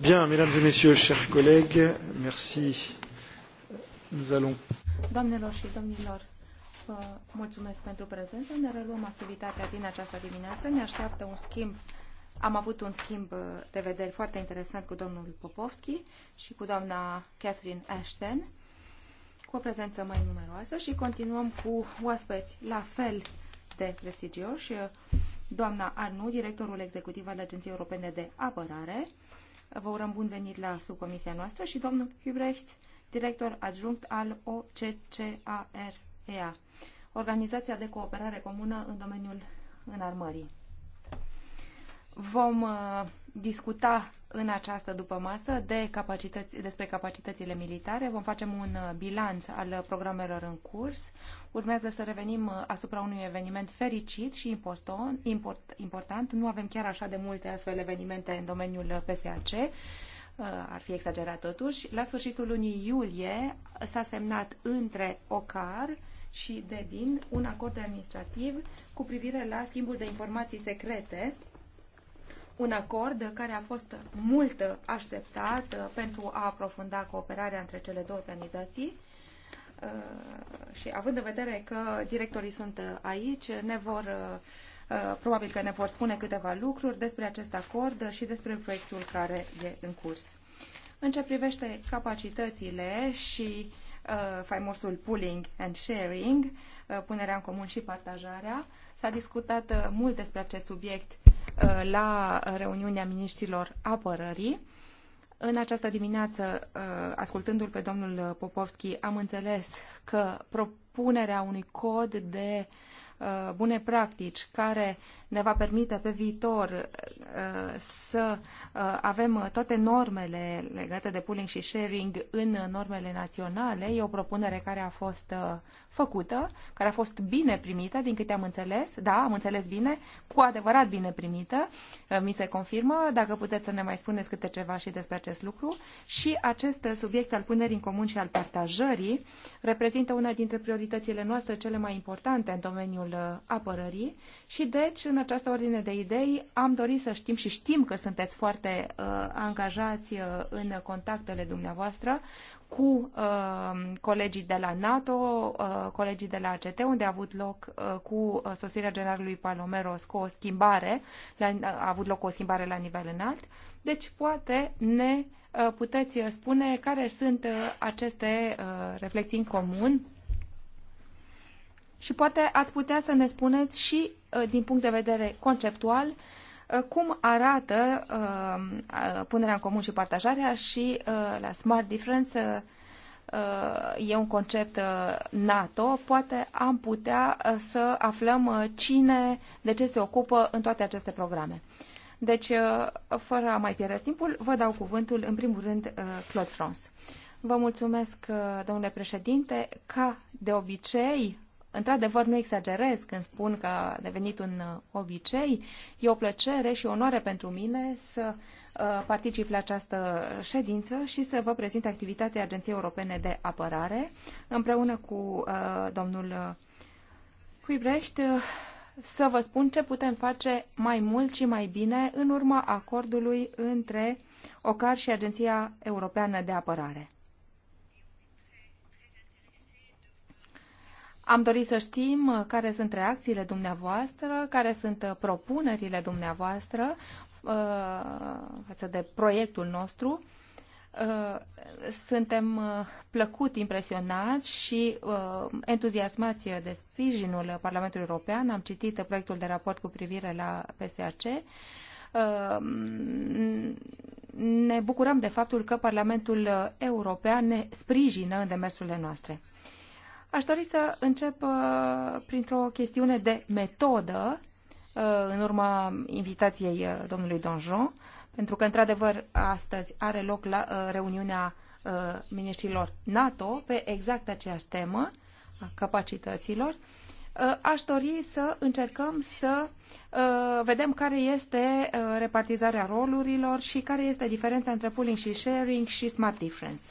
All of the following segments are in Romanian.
Bien, mesdames et messieurs, chers collègues, merci. Nous allons. Doamnelor și domnilor, vă mulțumesc pentru prezență. Ne reluăm activitatea din această dimineață. Ne așteaptă un schimb. Am avut un schimb eh, de vederi foarte interesant cu domnul Popovski și cu doamna Catherine Ashton, cu o prezență mai numeroasă și continuăm cu oaspeți la fel de prestigioși, eh, doamna Arnu, directorul executiv al Agenției Europene de Apărare, Vă urăm bun venit la subcomisia noastră și domnul Hubrecht, director adjunct al OCCAREA, Organizația de Cooperare Comună în domeniul înarmării. Vom uh, discuta în această dupămasă de capacități, despre capacitățile militare. Vom face un uh, bilanț al programelor în curs. Urmează să revenim uh, asupra unui eveniment fericit și important, import, important. Nu avem chiar așa de multe astfel evenimente în domeniul uh, PSAC. Ar fi exagerat totuși. La sfârșitul lunii iulie s-a semnat între OCAR și DEDIN un acord administrativ cu privire la schimbul de informații secrete un acord care a fost mult așteptat uh, pentru a aprofunda cooperarea între cele două organizații uh, și având în vedere că directorii sunt aici, ne vor uh, probabil că ne vor spune câteva lucruri despre acest acord și despre proiectul care e în curs. În ce privește capacitățile și uh, faimosul pooling and sharing, uh, punerea în comun și partajarea, s-a discutat uh, mult despre acest subiect Uh, la reuniunea miniștrilor apărării. În această dimineață, uh, ascultându-l pe domnul Popovski, am înțeles că propunerea unui cod de uh, bune practici care ne va permite pe viitor uh, să uh, avem toate normele legate de pooling și sharing în normele naționale. E o propunere care a fost uh, făcută, care a fost bine primită, din câte am înțeles. Da, am înțeles bine, cu adevărat bine primită. Mi se confirmă. Dacă puteți să ne mai spuneți câte ceva și despre acest lucru. Și acest subiect al punerii în comun și al partajării reprezintă una dintre prioritățile noastre cele mai importante în domeniul apărării și deci în această ordine de idei am dorit să știm și știm că sunteți foarte uh, angajați uh, în contactele dumneavoastră cu uh, colegii de la NATO, uh, colegii de la ACT, unde a avut loc uh, cu uh, sosirea generalului Palomeros cu o schimbare, la, a avut loc o schimbare la nivel înalt. Deci poate ne uh, puteți spune care sunt uh, aceste uh, reflexii în comun și poate ați putea să ne spuneți și Uh, din punct de vedere conceptual uh, cum arată uh, punerea în comun și partajarea și la Smart Difference e un concept NATO, poate am putea să aflăm cine, de ce se ocupă în toate aceste programe. Deci, fără a mai pierde timpul, vă dau cuvântul, în primul rând, Claude France. Vă mulțumesc, domnule președinte. Ca de obicei, într-adevăr nu exagerez când spun că a devenit un uh, obicei. E o plăcere și o onoare pentru mine să uh, particip la această ședință și să vă prezint activitatea Agenției Europene de Apărare împreună cu uh, domnul Cuibrești să vă spun ce putem face mai mult și mai bine în urma acordului între OCAR și Agenția Europeană de Apărare. Am dorit să știm uh, care sunt reacțiile dumneavoastră, care sunt uh, propunerile dumneavoastră uh, față de proiectul nostru. Suntem plăcut impresionați și entuziasmați de sprijinul Parlamentului European. Am citit proiectul de raport cu privire la PSAC ne bucurăm de faptul că Parlamentul European ne sprijină în demersurile noastre. Aș dori să încep uh, printr-o chestiune de metodă uh, în urma invitației uh, domnului Donjon, pentru că, într-adevăr, astăzi are loc la reuniunea miniștrilor NATO pe exact aceeași temă a capacităților. Aș dori să încercăm să vedem care este repartizarea rolurilor și care este diferența între pooling și sharing și smart difference.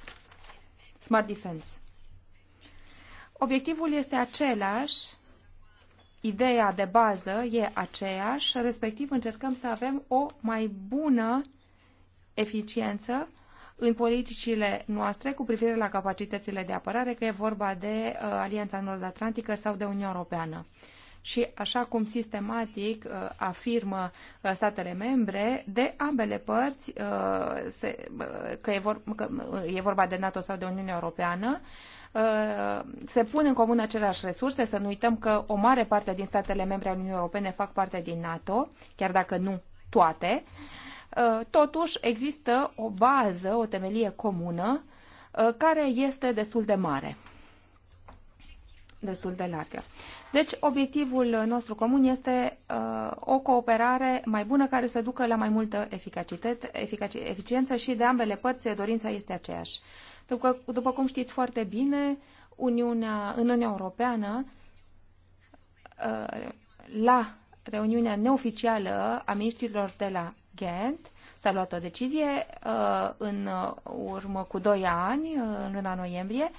Smart defense. Obiectivul este același, ideea de bază e aceeași, respectiv încercăm să avem o mai bună eficiență în politicile noastre cu privire la capacitățile de apărare, că e vorba de uh, Alianța Nord-Atlantică sau de Uniunea Europeană. Și așa cum sistematic uh, afirmă uh, statele membre, de ambele părți, uh, se, uh, că, e vor, că uh, e vorba de NATO sau de Uniunea Europeană, uh, se pun în comun aceleași resurse, să nu uităm că o mare parte din statele membre ale Uniunii Europene fac parte din NATO, chiar dacă nu toate. Uh, totuși există o bază, o temelie comună uh, care este destul de mare destul de largă. Deci, obiectivul nostru comun este uh, o cooperare mai bună care să ducă la mai multă eficacitate, eficac eficiență și de ambele părți dorința este aceeași. După, după cum știți foarte bine, Uniunea, în Uniunea Europeană, uh, la reuniunea neoficială a ministrilor de la Ghent, s-a luat o decizie uh, în urmă cu doi ani, uh, în luna noiembrie, uh,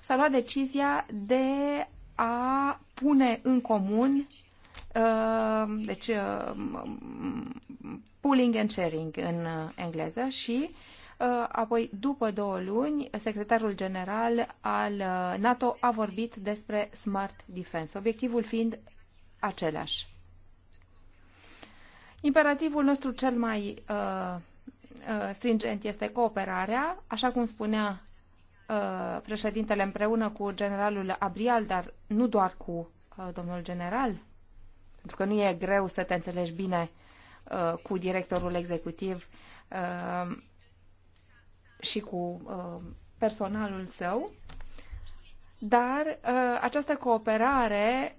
s-a luat decizia de a pune în comun uh, deci uh, pooling and sharing în engleză și uh, apoi după două luni secretarul general al NATO a vorbit despre smart defense, obiectivul fiind același. Imperativul nostru cel mai uh, stringent este cooperarea, așa cum spunea Uh, președintele împreună cu generalul Abrial, dar nu doar cu uh, domnul general, pentru că nu e greu să te înțelegi bine uh, cu directorul executiv și cu personalul său, dar această cooperare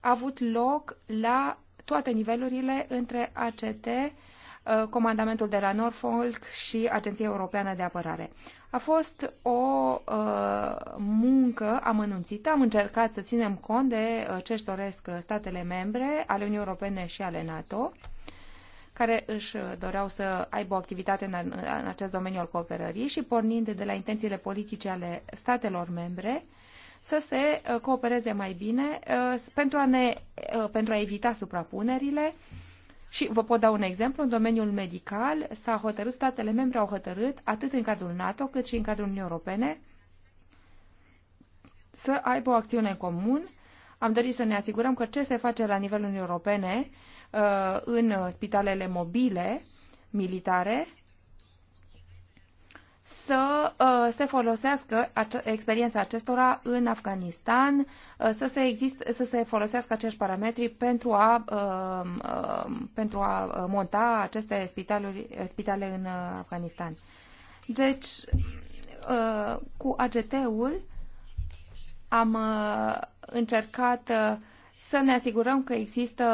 a avut loc la toate nivelurile între ACT Uh, comandamentul de la Norfolk și Agenția Europeană de Apărare. A fost o uh, muncă amănunțită, am încercat să ținem cont de uh, ce își doresc uh, statele membre ale Uniunii Europene și ale NATO, care își doreau să aibă o activitate în, în acest domeniu al cooperării și pornind de la intențiile politice ale statelor membre, să se coopereze mai bine pentru a, ne, pentru a evita suprapunerile, și vă pot da un exemplu, în domeniul medical s-a hotărât, statele membre au hotărât, atât în cadrul NATO cât și în cadrul Uniunii Europene, să aibă o acțiune în comun. Am dorit să ne asigurăm că ce se face la nivelul Uniunii Europene uh, în spitalele mobile, militare, să uh, se folosească ace- experiența acestora în Afganistan, uh, să, se exist- să se folosească acești parametri pentru a, uh, uh, pentru a uh, monta aceste spitaluri, spitale în uh, Afganistan. Deci, uh, cu AGT-ul am uh, încercat uh, să ne asigurăm că există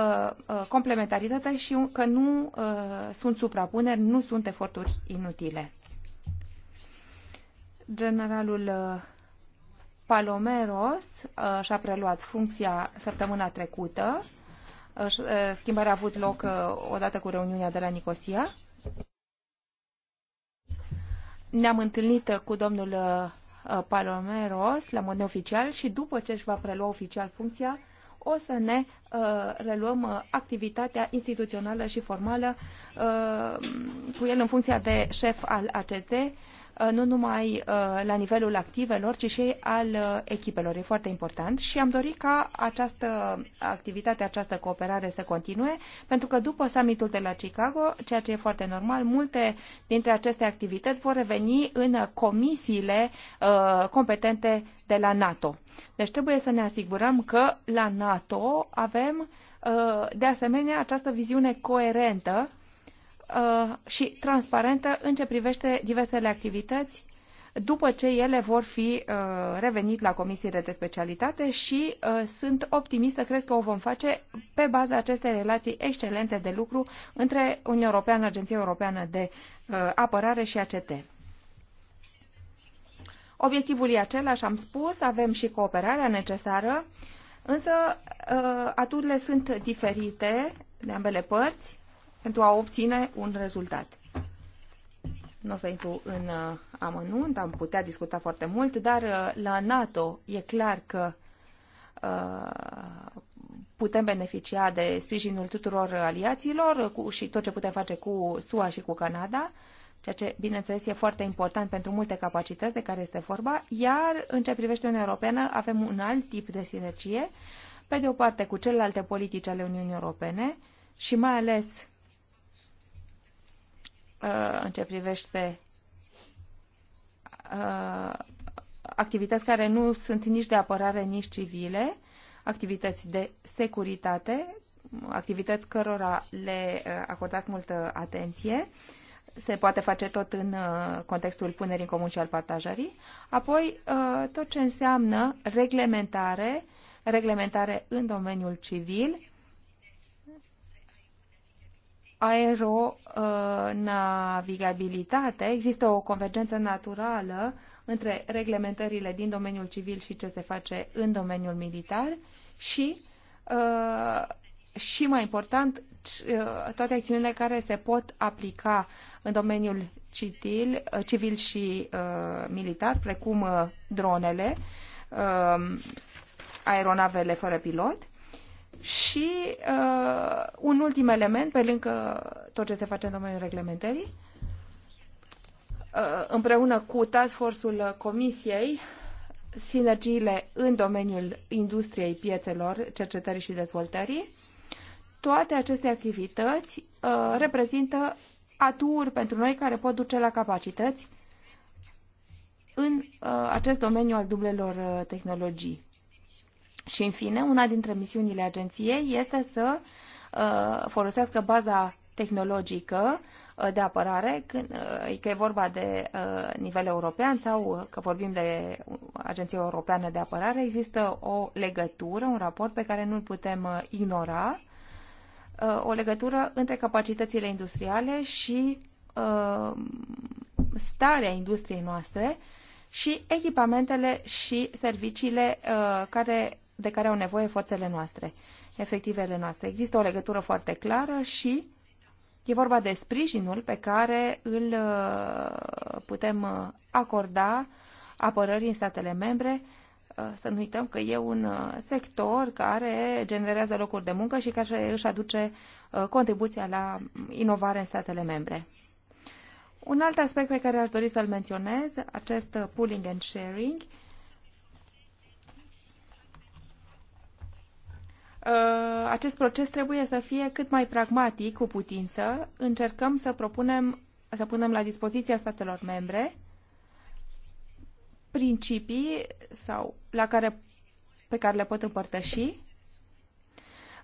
uh, complementaritate și că nu uh, sunt suprapuneri, nu sunt eforturi inutile. Generalul uh, Palomeros uh, și-a preluat funcția săptămâna trecută. Uh, schimbarea a avut loc odată cu reuniunea de la Nicosia. Ne-am întâlnit cu domnul Palomeros la mod neoficial și după ce își va prelua oficial funcția, o să ne uh, reluăm uh, activitatea instituțională și formală uh, cu el în funcția de șef al ACT Uh, nu numai uh, la nivelul activelor, ci și al uh, echipelor. E foarte important și am dorit ca această activitate, această cooperare să continue, pentru că după summitul de la Chicago, ceea ce e foarte normal, multe dintre aceste activități vor reveni în comisiile competente de la NATO. Deci trebuie să ne asigurăm că la NATO avem de asemenea această viziune coerentă Uh, și transparentă în ce privește diversele activități după ce ele vor fi uh, revenit la comisiile de specialitate și uh, sunt optimistă, cred că o vom face pe baza acestei relații excelente de lucru între Uniunea Europeană, Agenția Europeană de Apărare și ACT. Obiectivul e același, am spus, avem și cooperarea necesară, însă aturile sunt diferite de ambele părți pentru a obține un rezultat. Nu o să intru în uh, amănunt, am putea discuta foarte mult, dar uh, la NATO e clar că uh, putem beneficia de sprijinul tuturor aliaților cu, și tot ce putem face cu SUA și cu Canada, ceea ce, bineînțeles, e foarte important pentru multe capacități de care este vorba, iar în ce privește Uniunea Europeană avem un alt tip de sinergie, pe de o parte cu celelalte politici ale Uniunii Europene și mai ales Uh, în ce privește uh, activități care nu sunt nici de apărare, nici civile, activități de securitate, activități cărora le uh, acordați multă atenție. Se poate face tot în contextul punerii în comun și al partajării. Apoi, tot ce înseamnă reglementare, reglementare în domeniul civil, aeronavigabilitate, există o convergență naturală între reglementările din domeniul civil și ce se face în domeniul militar și, uh, și mai important, uh, toate acțiunile care se pot aplica în domeniul citil, uh, civil și militar, precum dronele, aeronavele fără pilot și uh, un ultim element, pe lângă tot ce se face în domeniul reglementării, uh, împreună cu task force-ul Comisiei, sinergiile în domeniul industriei piețelor, cercetării și dezvoltării, toate aceste activități uh, reprezintă aturi pentru noi care pot duce la capacități în uh, acest domeniu al dublelor uh, tehnologii. Și, în fine, una dintre misiunile agenției este să uh, folosească baza tehnologică uh, de apărare, uh, că e vorba de nivel european sau că vorbim de Agenția Europeană de Apărare, există o legătură, un raport pe care nu-l putem ignora, o legătură între capacitățile industriale și starea industriei noastre și echipamentele și serviciile care de care au nevoie forțele noastre, efectivele noastre. Există o legătură foarte clară și e vorba de sprijinul pe care îl uh, putem uh, acorda apărării în statele membre. Uh, să nu uităm că e un sector care generează locuri de muncă și care își aduce contribuția la inovare în statele membre. Un alt aspect pe care aș dori să-l menționez, acest pooling and sharing, uh, Uh, acest proces trebuie să fie cât mai pragmatic cu putință. Încercăm să propunem, să punem la dispoziția statelor membre principii sau la care, pe care le pot împărtăși.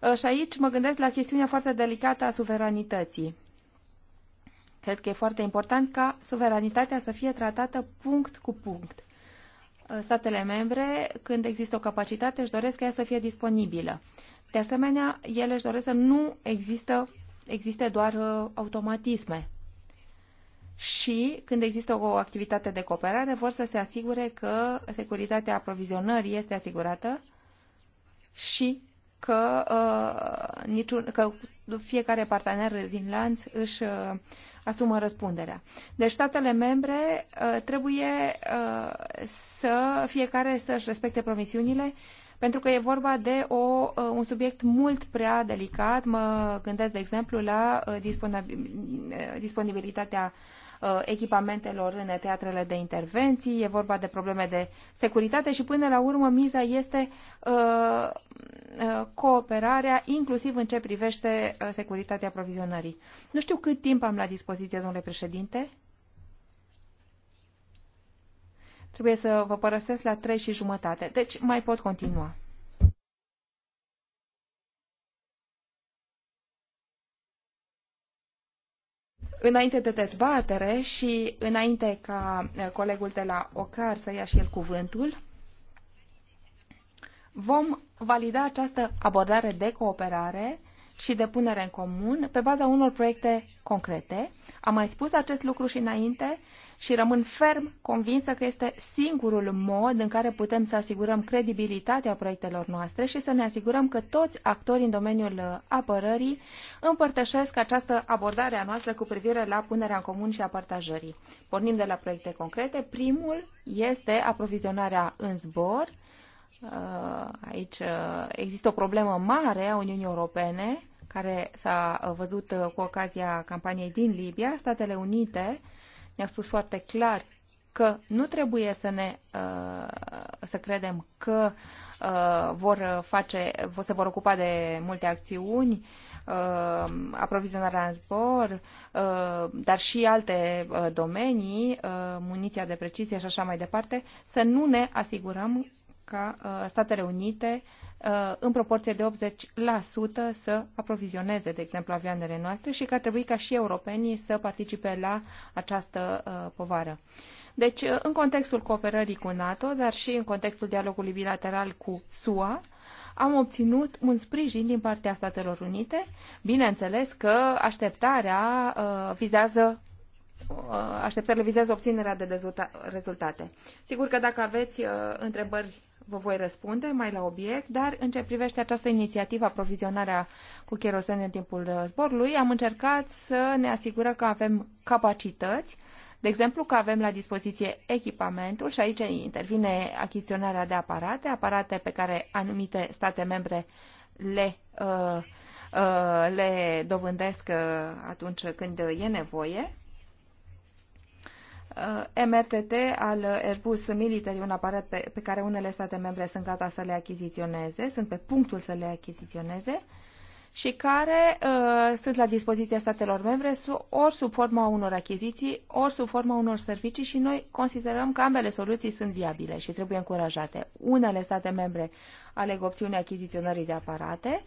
Uh, și aici mă gândesc la chestiunea foarte delicată a suveranității. Cred că e foarte important ca suveranitatea să fie tratată punct cu punct. Uh, statele membre, când există o capacitate, își doresc ca ea să fie disponibilă. De asemenea, ele își doresc să nu există, existe doar uh, automatisme. Și când există o activitate de cooperare, vor să se asigure că securitatea aprovizionării este asigurată și că, uh, niciun, că fiecare partener din lanț își uh, asumă răspunderea. Deci statele membre uh, trebuie uh, să fiecare să-și respecte promisiunile pentru că e vorba de o, uh, un subiect mult prea delicat. Mă gândesc, de exemplu, la uh, uh disponibilitatea Uh, echipamentelor în teatrele de intervenții, e vorba de probleme de securitate și până la urmă miza este uh, uh, cooperarea, inclusiv în ce privește securitatea aprovizionării. Nu știu cât timp am la dispoziție, domnule președinte. Trebuie să vă părăsesc la trei și jumătate, deci mai pot continua. înainte de dezbatere și înainte ca eh, colegul de la OCAR să ia și el cuvântul, vom valida această abordare de cooperare și de punere în comun pe baza unor proiecte concrete. Am mai spus acest lucru și înainte și rămân ferm convinsă că este singurul mod în care putem să asigurăm credibilitatea proiectelor noastre și să ne asigurăm că toți actorii în domeniul uh, apărării împărtășesc această abordare a noastră cu privire la punerea în comun și a partajării. Pornim de la proiecte concrete. Primul este aprovizionarea în zbor, Uh, aici uh, există o problemă mare a Uniunii Europene care s-a uh, văzut cu ocazia campaniei din Libia. Statele Unite ne-au spus foarte clar că nu trebuie să ne să credem că vor face, se vor ocupa de multe acțiuni, aprovizionarea în zbor, dar și alte domenii, muniția de precizie și așa mai departe, să nu ne asigurăm ca uh, Statele Unite uh, în proporție de 80% să aprovizioneze, de exemplu, avioanele noastre și că ar trebui ca și europenii să participe la această uh, povară. Deci, în contextul cooperării cu NATO, dar și în contextul dialogului bilateral cu SUA, am obținut un sprijin din partea Statelor Unite. Bineînțeles că așteptarea vizează așteptările vizează obținerea de rezultate. Sigur că dacă aveți întrebări vă voi răspunde mai la obiect, dar în ce privește această inițiativă a provizionarea cu cherosene în timpul uh, zborului, am încercat să ne asigurăm că avem capacități, de exemplu că avem la dispoziție echipamentul și aici intervine achiziționarea de aparate, aparate pe care anumite state membre le, uh, uh, le dovândesc uh, atunci când e nevoie Uh, MRTT al Airbus Military, un aparat pe, pe care unele state membre sunt gata să le achiziționeze, sunt pe punctul să le achiziționeze și care uh, sunt la dispoziția statelor membre ori sub forma unor achiziții, ori sub forma unor servicii și noi considerăm că ambele soluții sunt viabile și trebuie încurajate. Unele state membre aleg opțiunea achiziționării de aparate,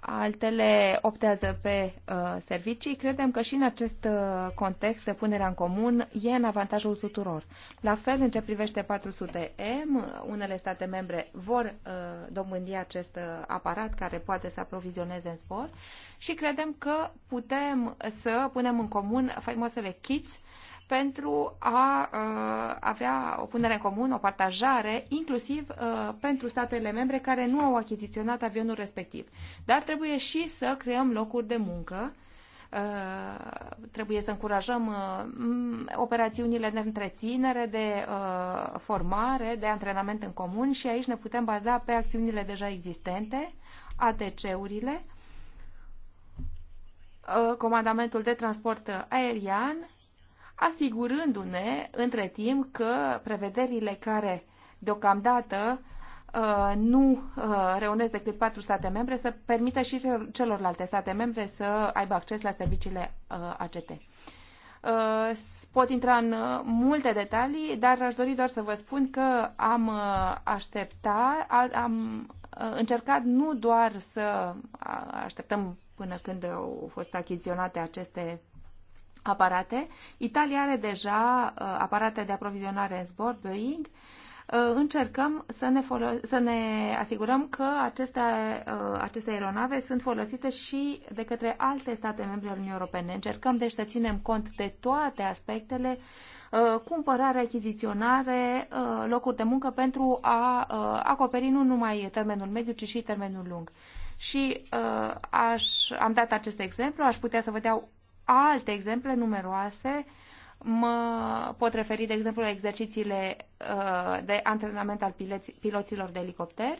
altele optează pe uh, servicii. Credem că și în acest uh, context de punerea în comun e în avantajul tuturor. La fel, în ce privește 400M, unele state membre vor uh, domândi acest uh, aparat care poate să aprovizioneze în spor și credem că putem să punem în comun faimoasele kits pentru a uh, avea o punere în comun, o partajare, inclusiv uh, pentru statele membre care nu au achiziționat avionul respectiv. Dar trebuie și să creăm locuri de muncă, uh, trebuie să încurajăm uh, operațiunile de întreținere, de uh, formare, de antrenament în comun și aici ne putem baza pe acțiunile deja existente, ATC-urile, uh, comandamentul de transport aerian asigurându-ne între timp că prevederile care deocamdată uh, nu uh, reunesc decât patru state membre să permită și celorlalte state membre să aibă acces la serviciile uh, ACT. Pot intra în multe detalii, dar aș dori doar să vă spun că am așteptat am încercat nu doar să așteptăm până când au fost achiziționate aceste aparate. Italia are deja uh, aparate de aprovizionare în zbor, Boeing. Uh, încercăm să ne, folo- să ne asigurăm că aceste, uh, aceste aeronave sunt folosite și de către alte state membre ale Uniunii Europene. Încercăm deci să ținem cont de toate aspectele cumpărare, achiziționare, locuri de muncă pentru a acoperi nu numai termenul mediu, ci și termenul lung. Și aș, am dat acest exemplu, aș putea să vă dau alte exemple numeroase. Mă pot referi, de exemplu, la exercițiile uh, de antrenament al piloților de elicopter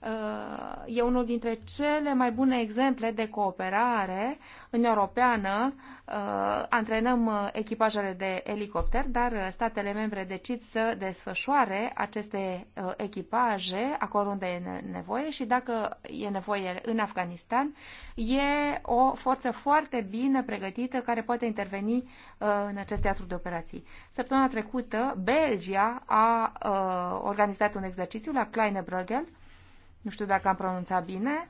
Uh, e unul dintre cele mai bune exemple de cooperare în europeană. Uh, antrenăm uh, echipajele de elicopter, dar statele membre decid să desfășoare aceste echipaje acolo unde e nevoie și dacă e nevoie în Afganistan, e o forță foarte bine pregătită care poate interveni în acest teatru de operații. Săptămâna trecută, Belgia a organizat un exercițiu la Kleine Bruegel, nu știu dacă am pronunțat bine.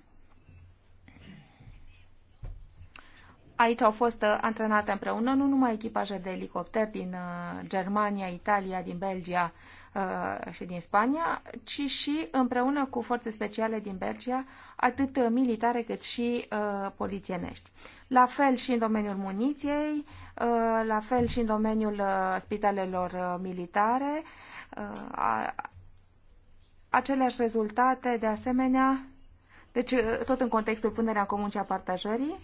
Aici au fost uh, antrenate împreună nu numai echipaje de elicopter din uh, Germania, Italia, din Belgia uh, și din Spania, ci și împreună cu forțe speciale din Belgia, atât militare cât și polițienești. La fel și în domeniul muniției, la fel și în domeniul spitalelor militare, Aceleași rezultate, de asemenea, deci uh, tot în contextul punerea în comun și a partajării,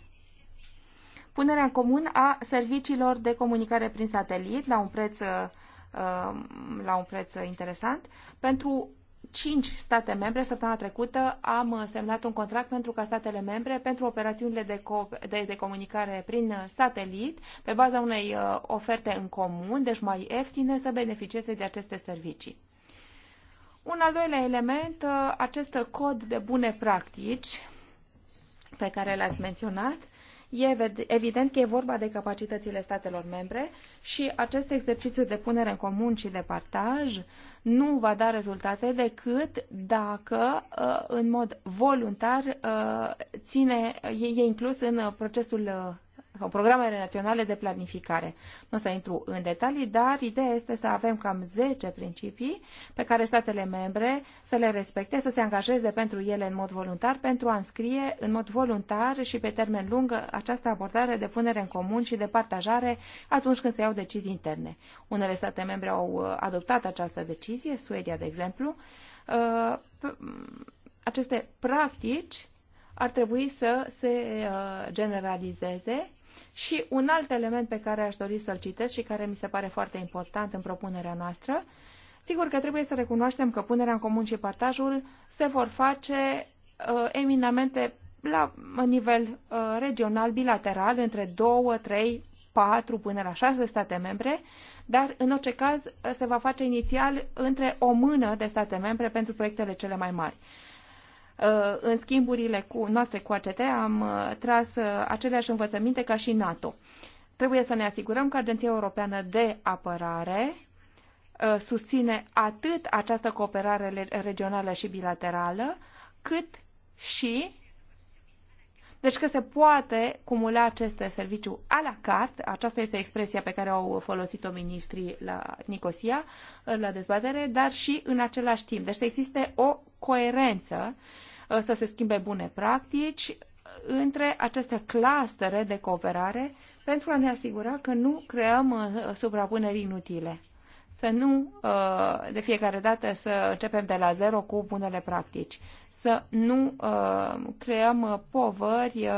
punerea în comun a serviciilor de comunicare prin satelit la un preț, uh, um, la un preț interesant. Pentru cinci state membre, săptămâna trecută am uh, semnat un contract pentru ca statele membre, pentru operațiunile de, co- de, de comunicare prin satelit, pe baza unei oferte în comun, deci mai ieftine, să beneficieze de aceste servicii. Un al doilea element, uh, acest cod de bune practici pe care l-ați menționat, E evident că e vorba de capacitățile statelor membre și acest exercițiu de punere în comun și de partaj nu va da rezultate decât dacă uh, în mod voluntar uh, ține, e inclus în procesul sau programele naționale de planificare. Nu o să intru în detalii, dar ideea este să avem cam 10 principii pe care statele membre să le respecte, să se angajeze pentru ele în mod voluntar, pentru a înscrie în mod voluntar și pe termen lung această abordare de punere în comun și de partajare atunci când se iau decizii interne. Unele state membre au uh, adoptat această decizie, Suedia, de exemplu. Uh, aceste practici ar trebui să se uh, generalizeze și un alt element pe care aș dori să-l citesc și care mi se pare foarte important în propunerea noastră, sigur că trebuie să recunoaștem că punerea în comun și partajul se vor face uh, eminamente la nivel uh, regional, bilateral, între două, trei, patru până la șase state membre, dar în orice caz uh, se va face inițial între o mână de state membre pentru proiectele cele mai mari. Uh, în schimburile cu, noastre cu ACT am uh, tras uh, aceleași învățăminte ca și NATO. Trebuie să ne asigurăm că Agenția Europeană de Apărare susține atât această cooperare regională și bilaterală, cât și deci că se poate cumula acest serviciu a la carte, aceasta este expresia pe care au folosit-o ministrii la Nicosia, la dezbatere, dar și în același timp. Deci să existe o coerență, uh, să se schimbe bune practici uh, între aceste clastere de cooperare pentru a ne asigura că nu creăm uh, suprapuneri inutile să nu uh, de fiecare dată să începem de la zero cu bunele practici, să nu uh, creăm uh, povări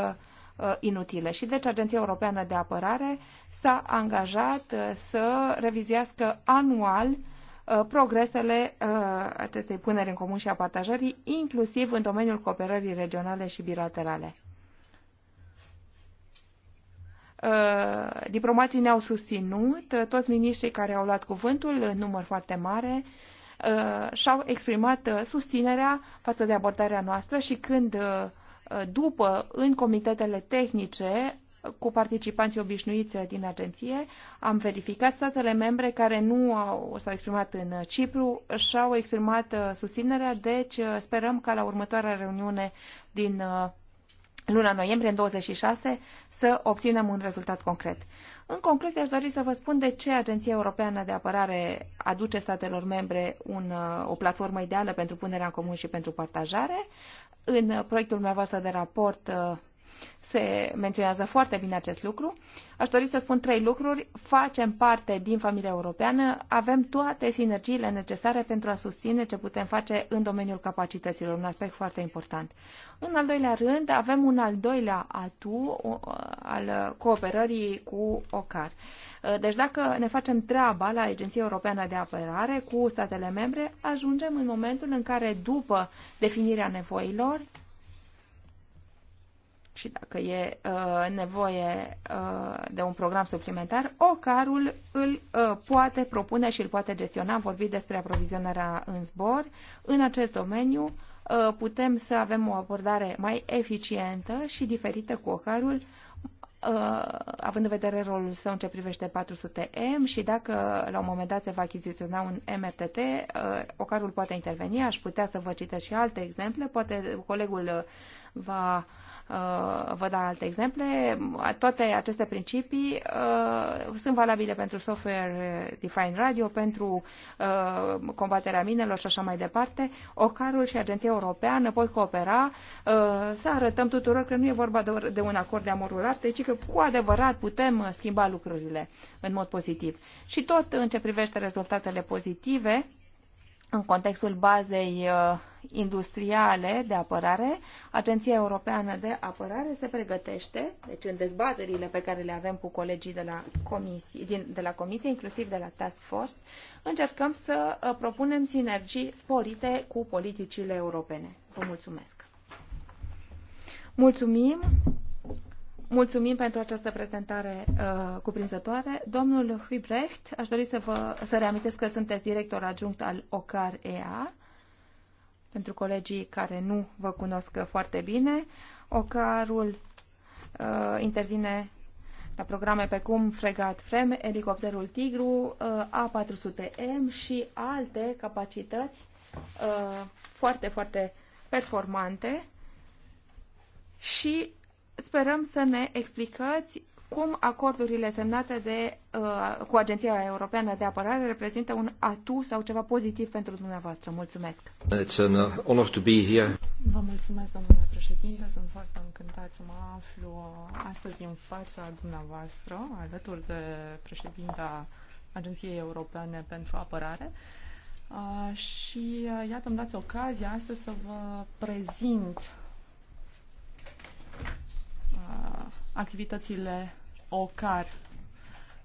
inutile. Și deci Agenția Europeană de Apărare s-a angajat să revizuiască anual progresele acestei puneri în comun și a partajării, inclusiv în domeniul cooperării regionale și bilaterale. Uh, diplomații ne-au susținut, uh, toți miniștrii care au luat cuvântul în număr foarte mare uh, și-au exprimat susținerea față de abordarea noastră și când după, în comitetele tehnice, cu participanții obișnuiți din agenție, am verificat statele membre care nu au, s-au exprimat în Cipru și-au exprimat susținerea, deci sperăm ca la următoarea reuniune din luna noiembrie, în 26, să obținem un rezultat concret. În concluzie, aș dori să vă spun de ce Agenția Europeană de Apărare aduce statelor membre un, uh, o platformă ideală pentru punerea în comun și pentru partajare. În proiectul meu de raport uh, se menționează foarte bine acest lucru. Aș dori să spun trei lucruri. Facem parte din familia europeană, avem toate sinergiile necesare pentru a susține ce putem face în domeniul capacităților, un aspect foarte important. În al doilea rând, avem un al doilea atu al cooperării cu OCAR. Deci dacă ne facem treaba la Agenția Europeană de Apărare cu statele membre, ajungem în momentul în care, după definirea nevoilor, și dacă e uh, nevoie uh, de un program suplimentar, OCAR-ul îl uh, poate propune și îl poate gestiona. Am vorbit despre aprovizionarea în zbor. În acest domeniu uh, putem să avem o abordare mai eficientă și diferită cu OCAR-ul, uh, având în vedere rolul său în ce privește 400M și dacă la un moment dat se va achiziționa un MRTT, uh, OCAR-ul poate interveni. Aș putea să vă citesc și alte exemple. Poate colegul uh, va uh, Uh, vă dau alte exemple. Toate aceste principii uh, sunt valabile pentru software defined radio, pentru uh, combaterea minelor și așa mai departe. OCAR-ul și Agenția Europeană pot coopera să arătăm tuturor că nu e vorba de un acord de amorul ci că cu adevărat putem schimba lucrurile în mod pozitiv. Și tot în ce privește rezultatele pozitive, în contextul bazei uh, industriale de apărare, Agenția Europeană de Apărare se pregătește, deci în dezbaterile pe care le avem cu colegii de la comisie, din, de la comisie inclusiv de la Task Force, încercăm să uh, propunem sinergii sporite cu politicile europene. Vă mulțumesc! Mulțumim! Mulțumim pentru această prezentare uh, cuprinzătoare. Domnul Huibrecht, aș dori să vă să reamintesc că sunteți director adjunct al OCAR EA, pentru colegii care nu vă cunosc foarte bine. OCAR-ul uh, intervine la programe pe cum Fregat Frem, elicopterul Tigru, uh, A400M și alte capacități uh, foarte, foarte performante și sperăm să ne explicați cum acordurile semnate de, uh, cu Agenția Europeană de Apărare reprezintă un atu sau ceva pozitiv pentru dumneavoastră. Mulțumesc! It's an uh, honor to be here. Vă mulțumesc, domnule președinte. Sunt foarte încântat să mă aflu uh, astăzi în fața dumneavoastră, alături de președinta Agenției Europene pentru Apărare. Uh, și uh, iată, îmi dați ocazia astăzi să vă prezint Uh, activitățile OCAR.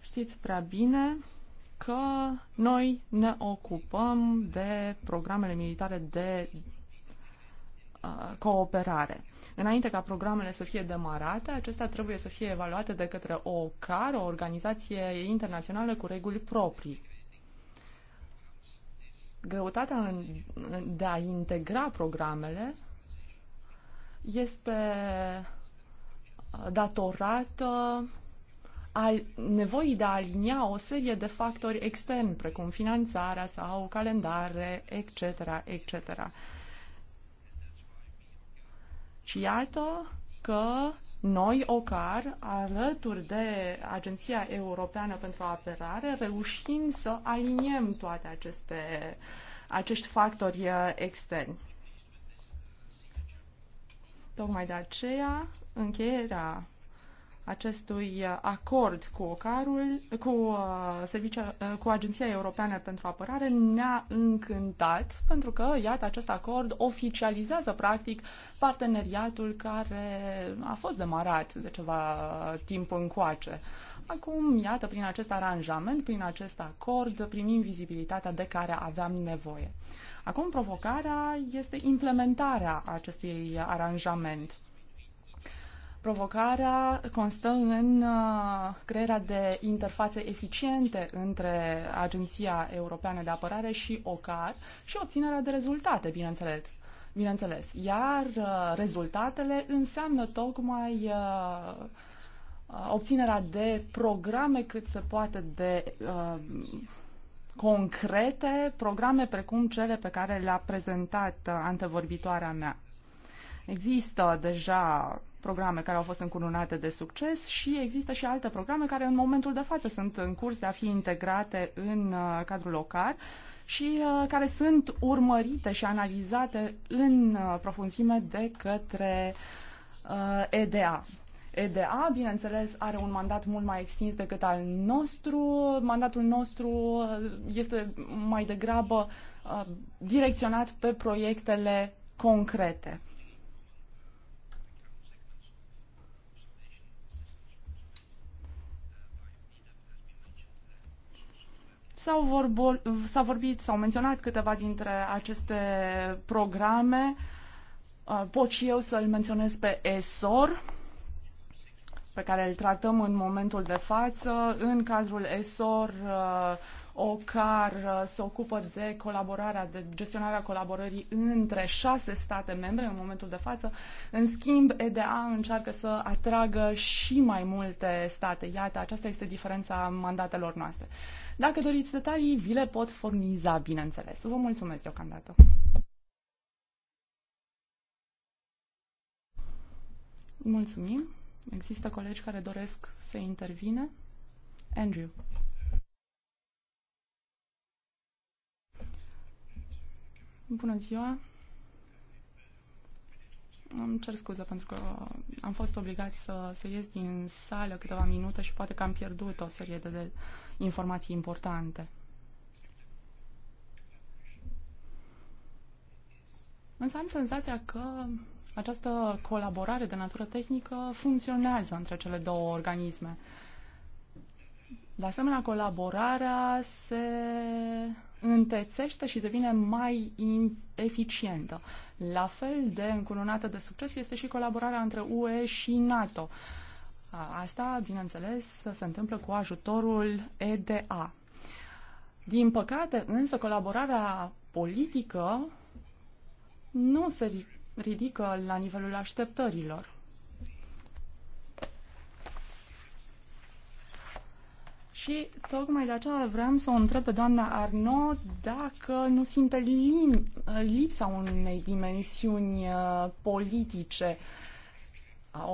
Știți prea bine că noi ne ocupăm de programele militare de uh, cooperare. Înainte ca programele să fie demarate, acestea trebuie să fie evaluate de către OCAR, o organizație internațională cu reguli proprii. Greutatea de a integra programele este datorată al nevoii de a alinia o serie de factori externi, precum finanțarea sau calendare, etc., etc. Și iată că noi, OCAR, alături de Agenția Europeană pentru Apărare, reușim să aliniem toate aceste, acești factori eh, externi. Tocmai de aceea încheierea acestui acord cu OCARul, cu, uh, uh, cu Agenția Europeană pentru Apărare ne-a încântat pentru că, iată, acest acord oficializează, practic, parteneriatul care a fost demarat de ceva timp încoace. Acum, iată, prin acest aranjament, prin acest acord, primim vizibilitatea de care aveam nevoie. Acum, provocarea este implementarea acestui aranjament. Provocarea constă în uh, crearea de interfațe eficiente între Agenția Europeană de Apărare și OCAR și obținerea de rezultate, bineînțeles. Bineînțeles. Iar uh, rezultatele înseamnă tocmai uh, obținerea de programe cât se poate de concrete, programe precum cele pe care le-a prezentat antevorbitoarea mea. Există deja programe care au fost încununate de succes și există și alte programe care în momentul de față sunt în curs de a fi integrate în uh, cadrul local și uh, care sunt urmărite și analizate în uh, profunzime de către EDA. EDA, bineînțeles, are un mandat mult mai extins decât al nostru. Mandatul nostru este mai degrabă direcționat pe proiectele concrete. S-au, vorbol, s-au vorbit, s-au menționat câteva dintre aceste programe. Uh, pot și eu să-l menționez pe ESOR, pe care îl tratăm în momentul de față. În cadrul ESOR, uh, OCAR uh, se ocupă de colaborarea, de gestionarea colaborării între șase state membre în momentul de față. În schimb, EDA încearcă să atragă și mai multe state. Iată, aceasta este diferența mandatelor noastre. Dacă doriți detalii, vi le pot furniza, bineînțeles. Vă mulțumesc deocamdată. Mulțumim. Există colegi care doresc să intervine? Andrew. Bună ziua! Îmi cer scuze pentru că am fost obligat să, să ies din sală câteva minute și poate că am pierdut o serie de, de informații importante. Însă am senzația că această colaborare de natură tehnică funcționează între cele două organisme. De asemenea, colaborarea se întețește și devine mai eficientă. La fel de încununată de succes este și colaborarea între UE și NATO. Asta, bineînțeles, se întâmplă cu ajutorul EDA. Din păcate, însă, colaborarea politică nu se ridică la nivelul așteptărilor. Și tocmai de aceea vreau să o întreb pe doamna Arno dacă nu simte lim- lipsa unei dimensiuni uh, politice,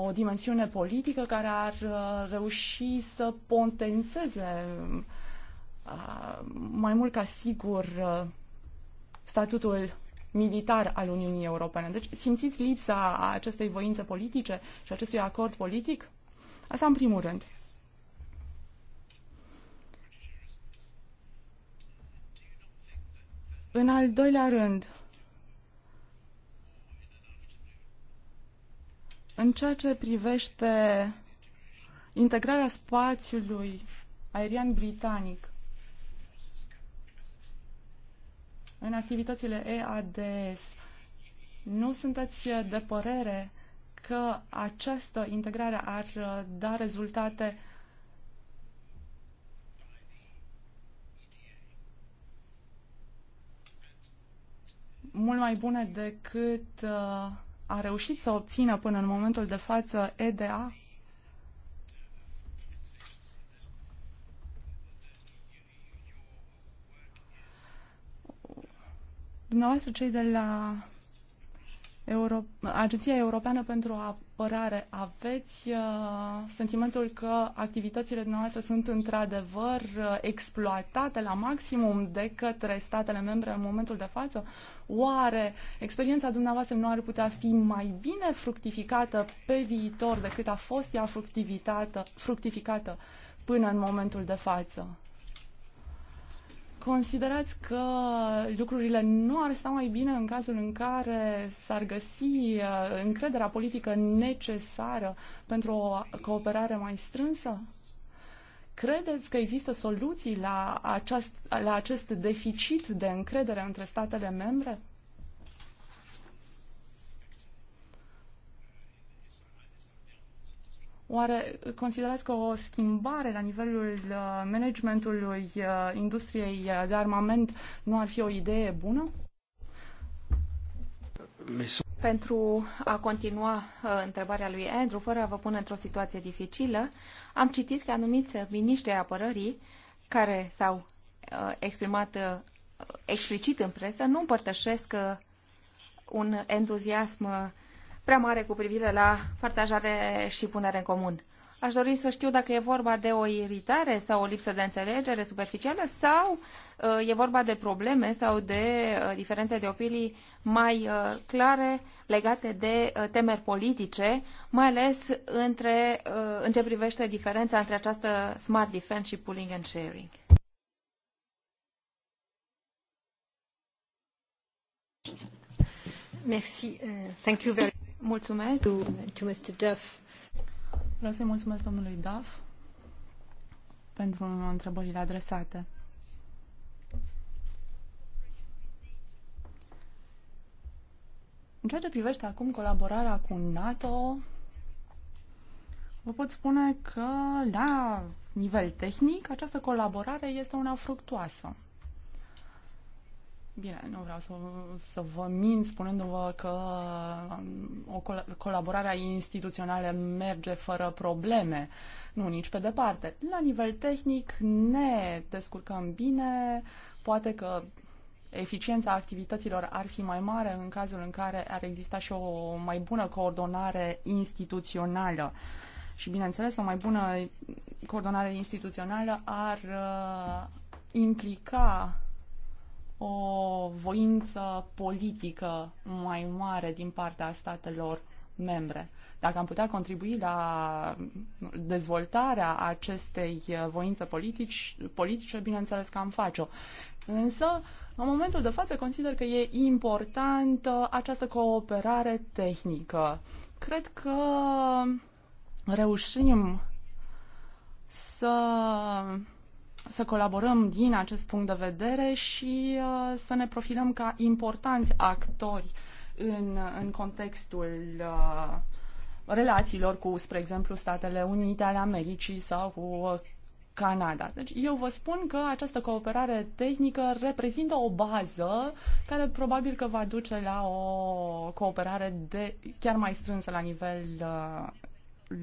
o dimensiune politică care ar uh, reuși să potențeze uh, mai mult ca sigur statutul militar al Uniunii Europene. Deci simțiți lipsa acestei voințe politice și acestui acord politic? Asta în primul rând. În al doilea rând, în ceea ce privește integrarea spațiului aerian britanic în activitățile EADS, nu sunteți de părere că această integrare ar da rezultate mult mai bune decât uh, a reușit să obțină până în momentul de față EDA? Dumneavoastră, cei de la Euro- Agenția Europeană pentru Apărare, aveți uh, sentimentul că activitățile noastre sunt într-adevăr uh, exploatate la maximum de către statele membre în momentul de față? Oare experiența dumneavoastră nu ar putea fi mai bine fructificată pe viitor decât a fost ea fructificată, fructificată până în momentul de față? Considerați că lucrurile nu ar sta mai bine în cazul în care s-ar găsi uh, încrederea politică necesară pentru o cooperare mai strânsă? Credeți că există soluții la, aceast, la acest deficit de încredere între statele membre? Oare considerați că o schimbare la nivelul uh, managementului uh, industriei uh, de armament nu ar fi o idee bună? Pentru a continua întrebarea lui Andrew, fără a vă pune într-o situație dificilă, am citit că anumiți miniștri ai apărării care s-au exprimat explicit în presă nu împărtășesc un entuziasm prea mare cu privire la partajare și punere în comun. Aș dori să știu dacă e vorba de o iritare sau o lipsă de înțelegere superficială sau uh, e vorba de probleme sau de uh, diferențe de opinii mai uh, clare legate de temeri politice, mai ales între, în ce privește diferența între această smart defense și pooling and sharing. Merci. thank you very Mulțumesc. To, Mr. Duff. Vreau să-i mulțumesc domnului Duff pentru întrebările adresate. În ceea ce privește acum colaborarea cu NATO, vă pot spune că la nivel tehnic această colaborare este una fructuoasă. Bine, nu vreau să, să vă mint spunându-vă că um, o col- colaborarea instituțională merge fără probleme. Nu, nici pe departe. La nivel tehnic ne descurcăm bine, poate că eficiența activităților ar fi mai mare în cazul în care ar exista și o mai bună coordonare instituțională. Și, bineînțeles, o mai bună coordonare instituțională ar uh, implica o voință politică mai mare din partea statelor membre. Dacă am putea contribui la dezvoltarea acestei voințe politici, politice, bineînțeles că am face-o. Însă, în momentul de față, consider că e importantă această cooperare tehnică. Cred că reușim să să colaborăm din acest punct de vedere și uh, să ne profilăm ca importanți actori în, în contextul uh, relațiilor cu, spre exemplu, Statele Unite ale Americii sau cu uh, Canada. Deci eu vă spun că această cooperare tehnică reprezintă o bază care probabil că va duce la o cooperare de chiar mai strânsă la nivel uh,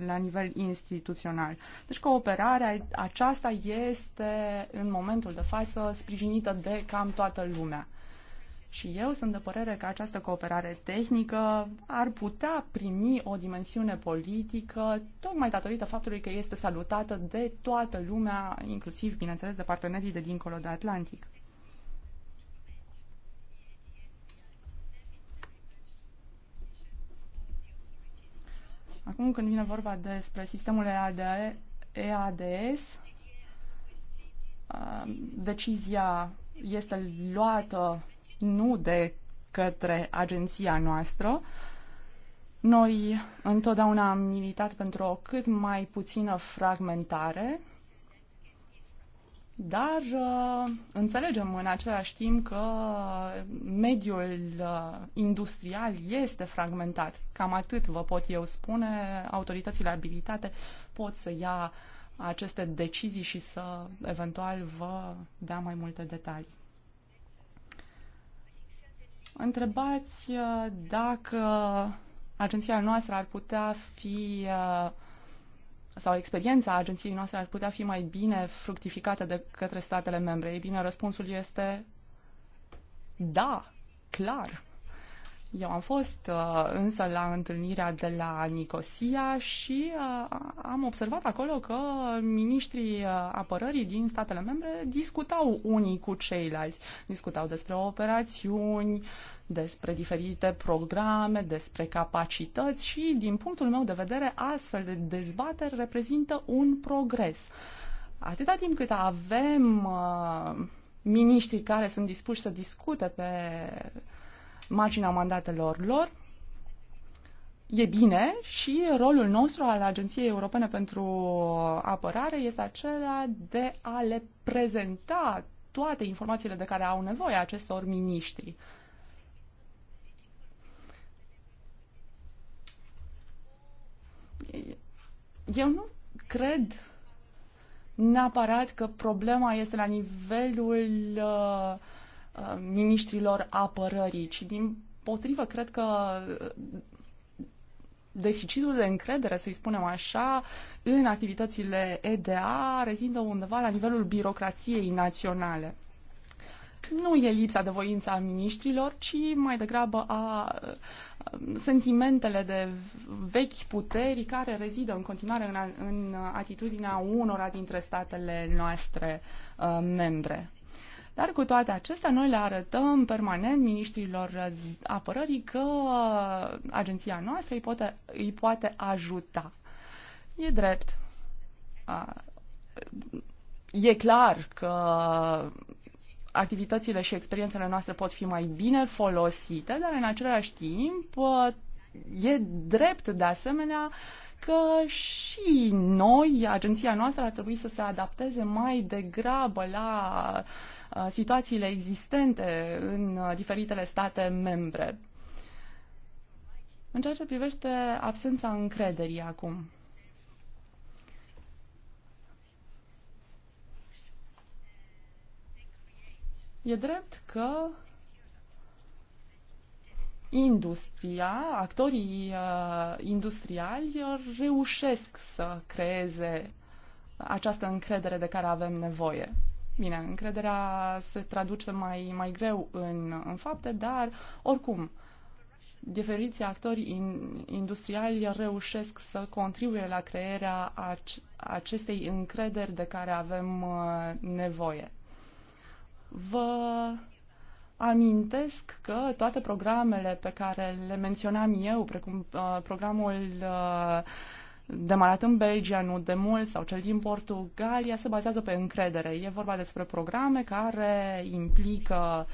la nivel instituțional. Deci cooperarea aceasta este în momentul de față sprijinită de cam toată lumea. Și eu sunt de părere că această cooperare tehnică ar putea primi o dimensiune politică, tocmai datorită faptului că este salutată de toată lumea, inclusiv, bineînțeles, de partenerii de dincolo de Atlantic. Acum când vine vorba despre sistemul EAD, EADS, decizia este luată nu de către agenția noastră. Noi întotdeauna am militat pentru o cât mai puțină fragmentare dar uh, înțelegem în același timp că mediul uh, industrial este fragmentat. Cam atât vă pot eu spune. Autoritățile abilitate pot să ia aceste decizii și să eventual vă dea mai multe detalii. Întrebați uh, dacă agenția noastră ar putea fi sau experiența agenției noastre ar putea fi mai bine fructificată de către statele membre? Ei bine, răspunsul este da, clar. Eu am fost uh, însă la întâlnirea de la Nicosia și uh, am observat acolo că miniștrii uh, apărării din statele membre discutau unii cu ceilalți. Discutau despre operațiuni, despre diferite programe, despre capacități și, din punctul meu de vedere, astfel de dezbateri reprezintă un progres. Atâta timp cât avem uh, miniștri care sunt dispuși să discute pe marginea mandatelor lor. E bine și rolul nostru al Agenției Europene pentru Apărare este acela de a le prezenta toate informațiile de care au nevoie acestor miniștri. Eu nu cred neapărat că problema este la nivelul uh, Uh, miniștrilor apărării, ci din potrivă, cred că uh, deficitul de încredere, să-i spunem așa, în activitățile EDA rezintă undeva la nivelul birocrației naționale. Nu e lipsa de voință a miniștrilor, ci mai degrabă a uh, sentimentele de vechi puteri care rezidă în continuare în, în atitudinea unora dintre statele noastre uh, membre. Dar cu toate acestea, noi le arătăm permanent ministrilor apărării că agenția noastră îi poate, îi poate ajuta. E drept. E clar că activitățile și experiențele noastre pot fi mai bine folosite, dar în același timp e drept de asemenea că și noi, agenția noastră, ar trebui să se adapteze mai degrabă la Uh, situațiile existente în uh, diferitele state membre. În ceea ce privește absența încrederii acum, E drept că industria, actorii uh, industriali reușesc să creeze această încredere de care avem nevoie. Bine, încrederea se traduce mai, mai greu în, în fapte, dar oricum, diferiți actori in, industriali reușesc să contribuie la crearea ac, acestei încrederi de care avem uh, nevoie. Vă amintesc că toate programele pe care le menționam eu, precum uh, programul uh, demarat în Belgia nu de mult sau cel din Portugalia se bazează pe încredere. E vorba despre programe care implică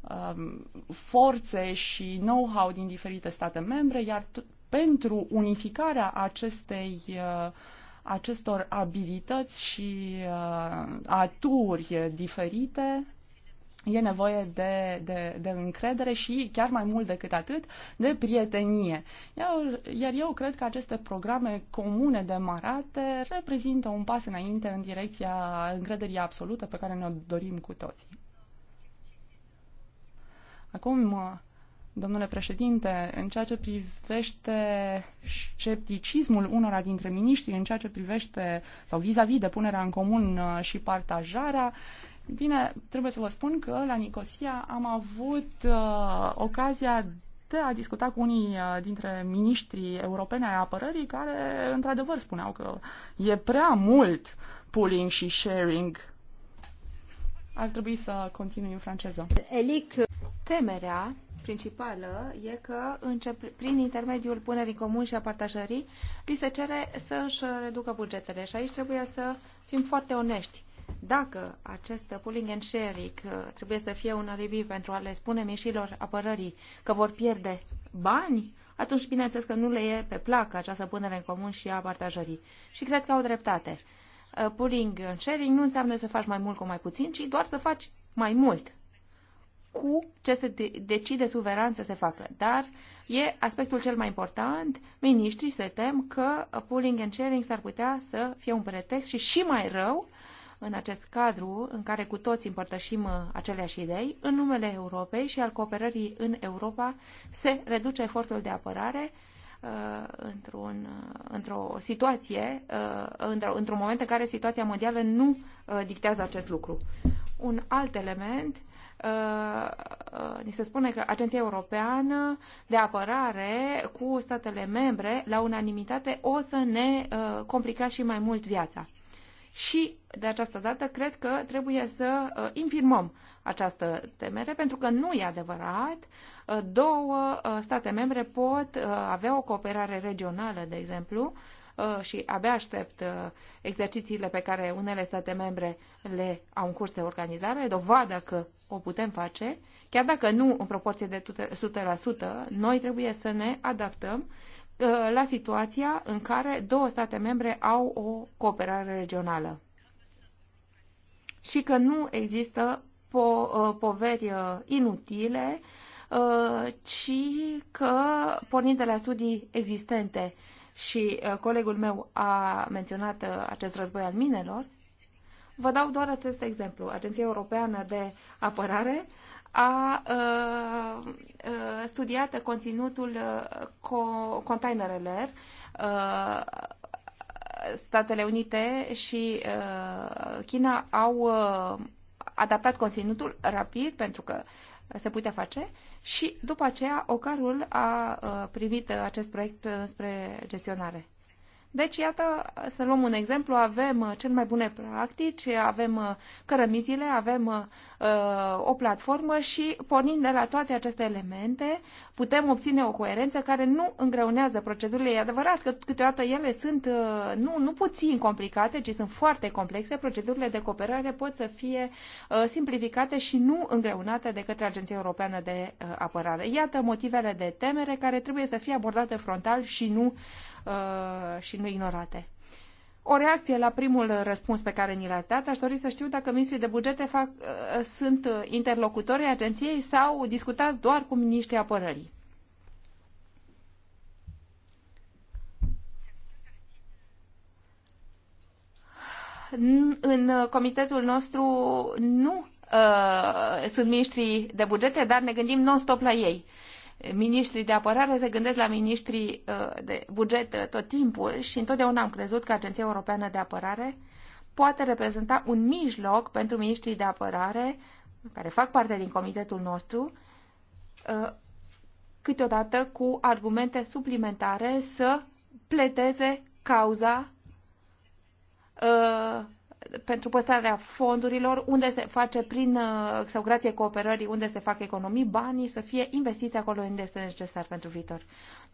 um, forțe și know-how din diferite state membre, iar pentru unificarea acestei uh, acestor abilități și uh, aturi diferite e nevoie de, de, de încredere și, chiar mai mult decât atât, de prietenie. Iar, iar eu cred că aceste programe comune demarate reprezintă un pas înainte în direcția încrederii absolute pe care ne-o dorim cu toții. Acum, domnule președinte, în ceea ce privește scepticismul unora dintre miniștri, în ceea ce privește, sau vis-a-vis -vis de punerea în comun uh, și partajarea, uh, Bine, trebuie să vă spun că la Nicosia am avut uh, ocazia de a discuta cu unii uh, dintre miniștrii europene ai apărării care, într-adevăr, spuneau că e prea mult pooling și sharing. Ar trebui să continui în franceză. Elic, temerea principală e că încep, prin intermediul punerii comun și a partajării li se cere să își reducă bugetele și aici trebuie să fim foarte onești dacă acest pooling and sharing uh, trebuie să fie un alibi pentru a le spune mișilor apărării că vor pierde bani, atunci bineînțeles că nu le e pe plac această punere în comun și a partajării. Și cred că au dreptate. Uh, pooling and sharing nu înseamnă să faci mai mult cu mai puțin, ci doar să faci mai mult cu ce se decide suveran să se facă. Dar e aspectul cel mai important. Ministrii se tem că pooling and sharing s-ar putea să fie un pretext și și mai rău în acest cadru în care cu toți împărtășim uh, aceleași idei, în numele Europei și al cooperării în Europa se reduce efortul de apărare uh, într-un, uh, într-o situație, într-un într moment în care situația mondială nu dictează acest lucru. Un alt element ni se spune că Agenția Europeană de Apărare cu statele membre, la unanimitate, o să ne complica și mai mult viața și de această dată cred că trebuie să uh, infirmăm această temere, pentru că nu e adevărat. Uh, două uh, state membre pot uh, avea o cooperare regională, de exemplu, uh, și abia aștept uh, exercițiile pe care unele state membre le au în curs de organizare, dovadă că o putem face, chiar dacă nu în proporție de 100%, noi trebuie să ne adaptăm Uh, la situația în care două state membre au o cooperare regională și că nu există po- uh, poveri uh, inutile, ci că, pornind de la studii existente, și colegul meu a menționat acest război al minelor, vă dau doar acest exemplu. Agenția Europeană de Apărare a uh, studiat conținutul uh, co- containerelor uh, Statele Unite și uh, China au uh, adaptat conținutul rapid pentru că se putea face și după aceea Ocarul a uh, primit acest proiect uh, spre gestionare. Deci, iată, să luăm un exemplu, avem uh, cel mai bune practici, avem uh, cărămizile, avem uh, o platformă și, pornind de la toate aceste elemente, putem obține o coerență care nu îngreunează procedurile. E adevărat că câteodată ele sunt uh, nu, nu puțin complicate, ci sunt foarte complexe. Procedurile de cooperare pot să fie uh, simplificate și nu îngreunate de către Agenția Europeană de uh, Apărare. Iată motivele de temere care trebuie să fie abordate frontal și nu Uh, și nu ignorate. O reacție la primul răspuns pe care ni l-ați dat, aș dori să știu dacă ministrii de bugete fac, uh, sunt interlocutorii agenției sau discutați doar cu ministrii apărării. în comitetul nostru nu uh, sunt ministrii de bugete, dar ne gândim non-stop la ei. Ministrii de apărare se gândesc la ministrii uh, de buget uh, tot timpul și întotdeauna am crezut că Agenția Europeană de Apărare poate reprezenta un mijloc pentru ministrii de apărare care fac parte din comitetul nostru, uh, câteodată cu argumente suplimentare să pleteze cauza pentru păstrarea fondurilor, unde se face prin, uh, sau grație cooperării, unde se fac economii, banii să fie investiți acolo unde este necesar pentru viitor.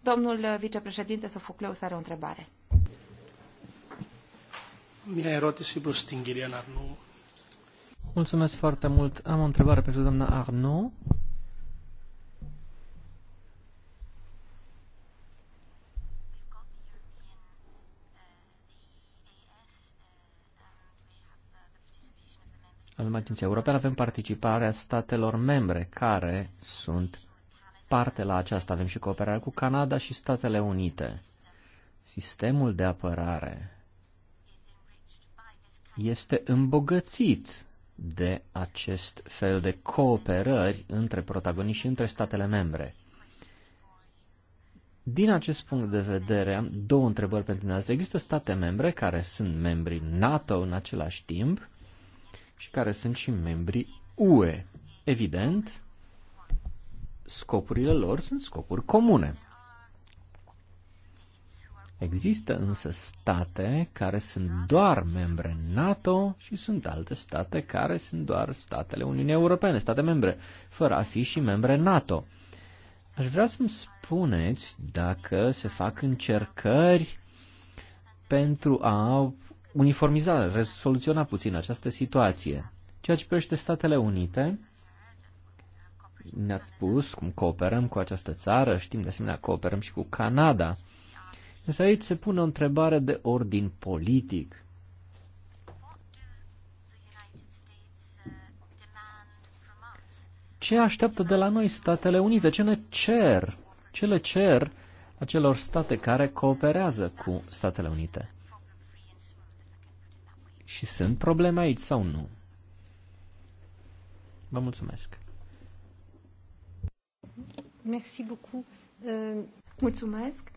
Domnul uh, vicepreședinte Sofocleus are o întrebare. mi-a προς την κυρία Αρνού. Mulțumesc foarte mult. Am o întrebare pentru doamna Arnaud. avem agenția europeană, avem participarea statelor membre care sunt parte la aceasta. Avem și cooperarea cu Canada și Statele Unite. Sistemul de apărare este îmbogățit de acest fel de cooperări între protagoniști și între statele membre. Din acest punct de vedere, am două întrebări pentru dumneavoastră. Există state membre care sunt membri NATO în același timp și care sunt și membrii UE. Evident, scopurile lor sunt scopuri comune. Există însă state care sunt doar membre NATO și sunt alte state care sunt doar statele Uniunii Europene, state membre, fără a fi și membre NATO. Aș vrea să-mi spuneți dacă se fac încercări pentru a uniformiza, rezoluționa puțin această situație. Ceea ce privește Statele Unite, ne-ați spus cum cooperăm cu această țară, știm de asemenea cooperăm și cu Canada. Însă aici se pune o întrebare de ordin politic. Ce așteaptă de la noi Statele Unite? Ce ne cer? Ce le cer acelor state care cooperează cu Statele Unite? Și sunt probleme aici sau nu? Vă mulțumesc. Merci beaucoup. Uh, mulțumesc.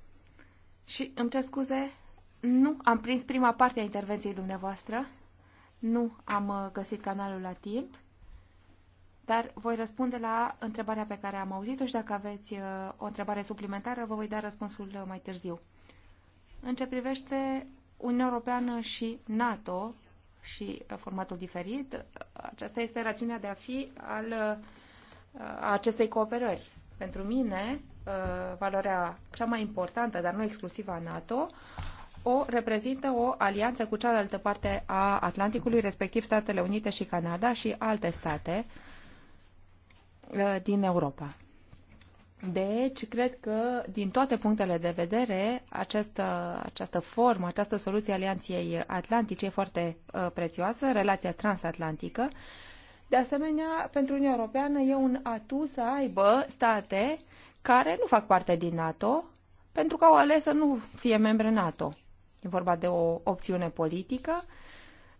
Și îmi cer scuze, nu am prins prima parte a intervenției dumneavoastră. Nu am uh, găsit canalul la timp. Dar voi răspunde la întrebarea pe care am auzit-o și dacă aveți uh, o întrebare suplimentară, vă voi da răspunsul mai târziu. În ce privește Uniunea Europeană și NATO și uh, formatul diferit, aceasta este rațiunea de a fi al uh, a acestei cooperări. Pentru mine, uh, valoarea cea mai importantă, dar nu exclusivă a NATO, o reprezintă o alianță cu cealaltă parte a Atlanticului, respectiv Statele Unite și Canada și alte state din Europa. Deci, cred că, din toate punctele de vedere, această, această formă, această soluție Alianției Atlantice e foarte uh, prețioasă, relația transatlantică. De asemenea, pentru Uniunea Europeană e un atu să aibă state care nu fac parte din NATO, pentru că au ales să nu fie membre NATO. E vorba de o opțiune politică,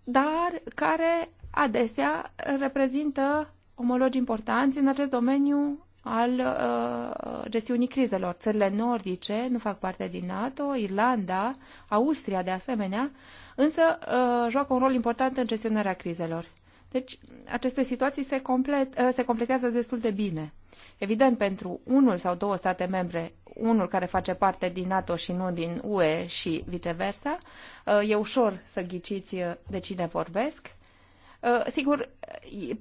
dar care adesea reprezintă omologi importanți în acest domeniu al uh, uh, gestiunii crizelor. Țările nordice nu fac parte din NATO, Irlanda, Austria de asemenea, însă uh, joacă un rol important în gestionarea crizelor. Deci, aceste situații se, complet, uh, se completează destul de bine. Evident, pentru unul sau două state membre, unul care face parte din NATO și nu din UE și viceversa, uh, e ușor să ghiciți uh, de cine vorbesc. Uh, sigur,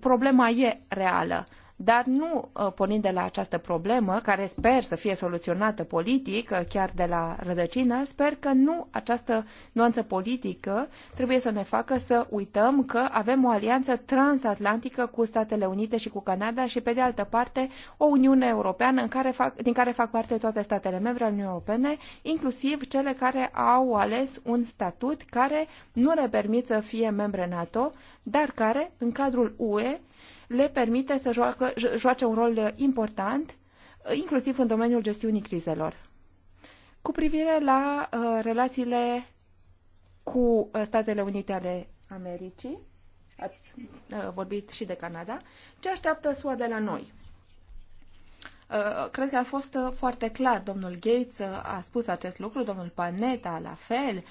problema e reală dar nu uh, pornind de la această problemă, care sper să fie soluționată politic, uh, chiar de la rădăcină, sper că nu această nuanță politică trebuie să ne facă să uităm că avem o alianță transatlantică cu Statele Unite și cu Canada și, pe de altă parte, o Uniune Europeană în care fac, din care fac parte toate statele membre ale Uniunii Europene, inclusiv cele care au ales un statut care nu le permit să fie membre NATO, dar care, în cadrul UE, le permite să joacă, joace un rol uh, important, uh, inclusiv în domeniul gestiunii crizelor. Cu privire la uh, relațiile cu uh, Statele Unite ale Americii, ați uh, vorbit și de Canada, ce așteaptă SUA de la noi? Cred că a fost foarte clar. Domnul Gates a spus acest lucru, domnul Panetta la fel,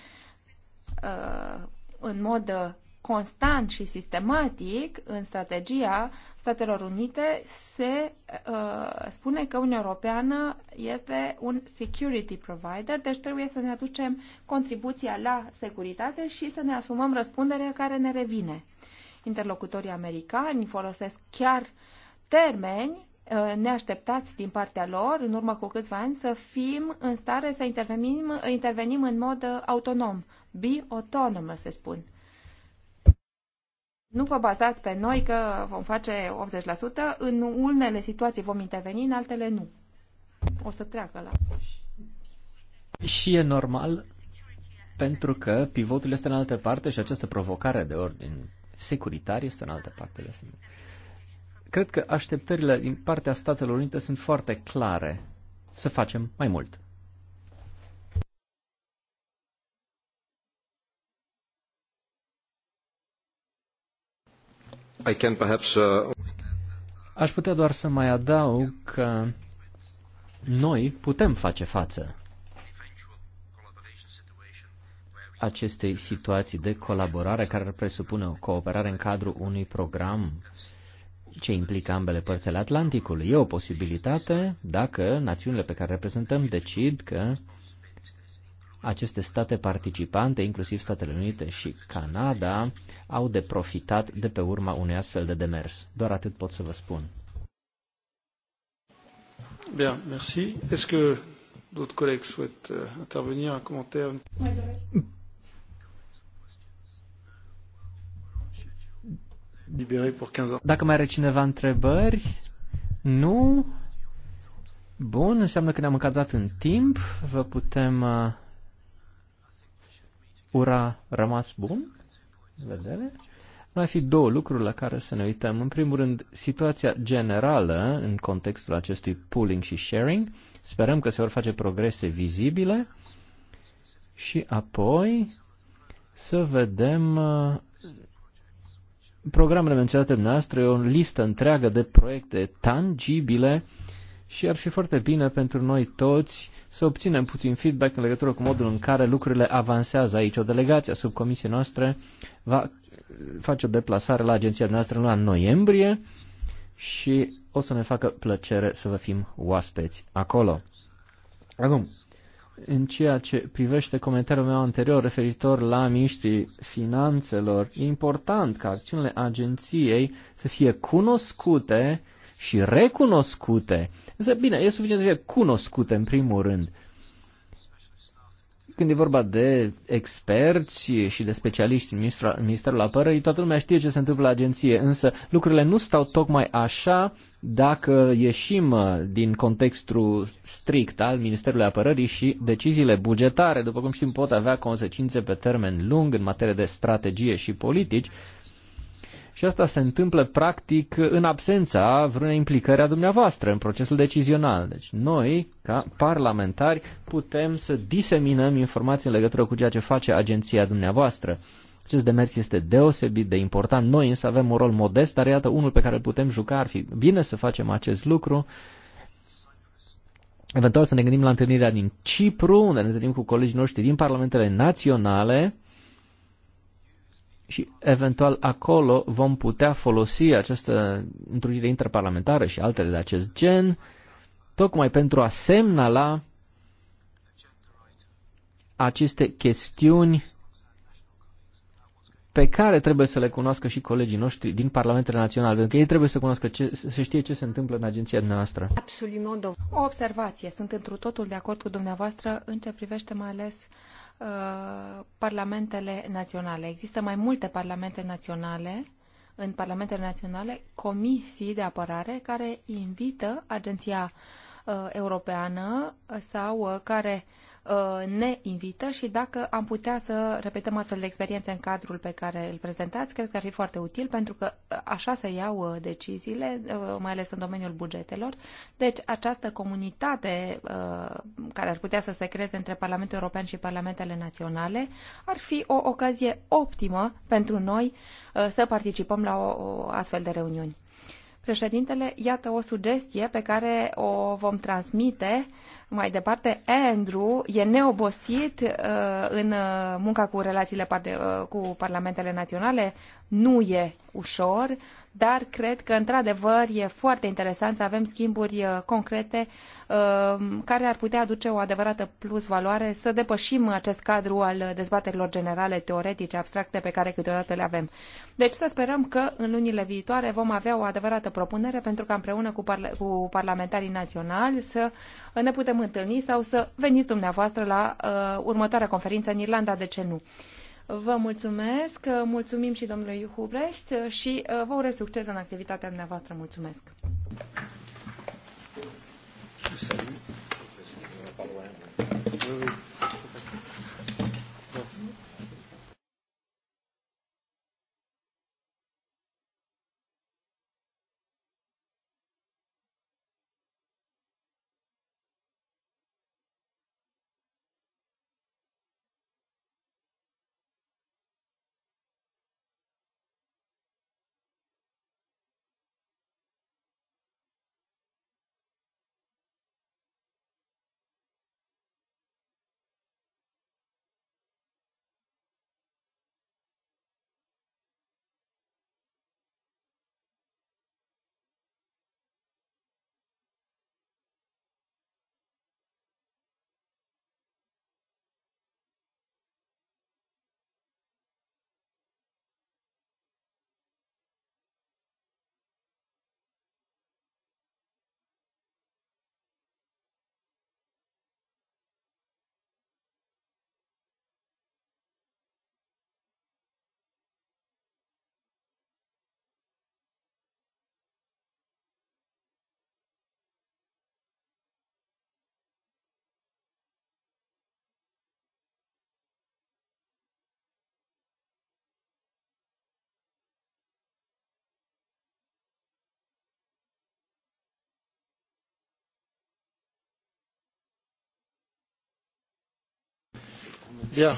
în mod constant și sistematic în strategia Statelor Unite se uh, spune că Uniunea Europeană este un security provider, deci trebuie să ne aducem contribuția la securitate și să ne asumăm răspunderea care ne revine. Interlocutorii americani folosesc chiar termeni uh, neașteptați din partea lor, în urmă cu câțiva ani, să fim în stare să intervenim, intervenim în mod uh, autonom. Be autonomous, se spune. Nu vă bazați pe noi că vom face 80%, în unele situații vom interveni, în altele nu. O să treacă la... Și e normal, pentru că pivotul este în altă parte și această provocare de ordin securitar este în altă parte. Cred că așteptările din partea Statelor Unite sunt foarte clare să facem mai mult. I can perhaps, uh... Aș putea doar să mai adaug că noi putem face față acestei situații de colaborare care presupune o cooperare în cadrul unui program ce implică ambele părți ale Atlanticului. E o posibilitate dacă națiunile pe care reprezentăm decid că aceste state participante, inclusiv Statele Unite și Canada, au de profitat de pe urma unui astfel de demers. Doar atât pot să vă spun. Bine, merci. Est-ce que d'autres collègues souhaitent uh, intervenir, un commentaire Libéré pour 15 ans. Dacă mai are cineva întrebări, nu. Bun, înseamnă că ne-am încadrat în timp. Vă putem uh, ura rămas bun Vedere. Nu mai fi două lucruri la care să ne uităm. În primul rând, situația generală în contextul acestui pooling și sharing. Sperăm că se vor face progrese vizibile și apoi să vedem uh, programele menționate noastre, o listă întreagă de proiecte tangibile uh, și ar fi foarte bine pentru noi toți să obținem puțin feedback în legătură cu modul în care lucrurile avansează aici. O delegație a subcomisiei noastre va face o deplasare la agenția noastră luna noiembrie și o să ne facă plăcere să vă fim oaspeți acolo. Acum, în ceea ce privește comentariul meu anterior referitor la miniștrii finanțelor, e important ca acțiunile agenției să fie cunoscute și recunoscute. Însă, bine, e suficient să fie cunoscute în primul rând. Când e vorba de experți și de specialiști în Ministerul Apărării, toată lumea știe ce se întâmplă la agenție, însă lucrurile nu stau tocmai așa dacă ieșim uh, din contextul strict al Ministerului Apărării și deciziile bugetare, după cum știm, pot avea consecințe pe termen lung în materie de strategie și politici și asta se întâmplă practic în absența vreunei implicări a dumneavoastră în procesul decizional. Deci noi, ca parlamentari, putem să diseminăm informații în legătură cu ceea ce face agenția dumneavoastră. Acest demers este deosebit de important. Noi însă avem un rol modest, dar iată unul pe care îl putem juca. Ar fi bine să facem acest lucru. Eventual să ne gândim la întâlnirea din Cipru, unde ne întâlnim cu colegii noștri din parlamentele naționale și eventual acolo vom putea folosi această întrunire interparlamentară și altele de acest gen, tocmai pentru a semnala aceste chestiuni pe care trebuie să le cunoască și colegii noștri din Parlamentele Naționale, pentru că ei trebuie să cunoască, ce, să știe ce se întâmplă în agenția noastră. Absolut, o observație. Sunt întru totul de acord cu dumneavoastră în ce privește mai ales uh, Uh, parlamentele naționale. Există mai multe parlamente naționale, în parlamentele naționale, comisii de apărare care invită Agenția uh, Europeană sau uh, care uh, Uh, ne invită și dacă am putea să repetăm astfel de experiențe în cadrul pe care îl prezentați, cred că ar fi foarte util pentru că uh, așa se iau uh, deciziile, mai ales în domeniul bugetelor. Deci această comunitate care ar putea să se creeze între Parlamentul European și Parlamentele Naționale ar fi o ocazie optimă pentru noi să participăm la o astfel de reuniuni. Președintele, iată o sugestie pe care o vom transmite mai departe, Andrew e neobosit uh, în uh, munca cu relațiile par- uh, cu parlamentele naționale. Nu e ușor dar cred că, într-adevăr, e foarte interesant să avem schimburi uh, concrete uh, care ar putea aduce o adevărată plus valoare, să depășim acest cadru al dezbaterilor generale, teoretice, abstracte, pe care câteodată le avem. Deci să sperăm că în lunile viitoare vom avea o adevărată propunere pentru ca împreună cu, parla- cu parlamentarii naționali să ne putem întâlni sau să veniți dumneavoastră la uh, următoarea conferință în Irlanda, de ce nu? Uh, Vă mulțumesc, mulțumim și domnului Hubrecht și uh, vă urez succes în activitatea dumneavoastră. Mulțumesc! Salut. Bien.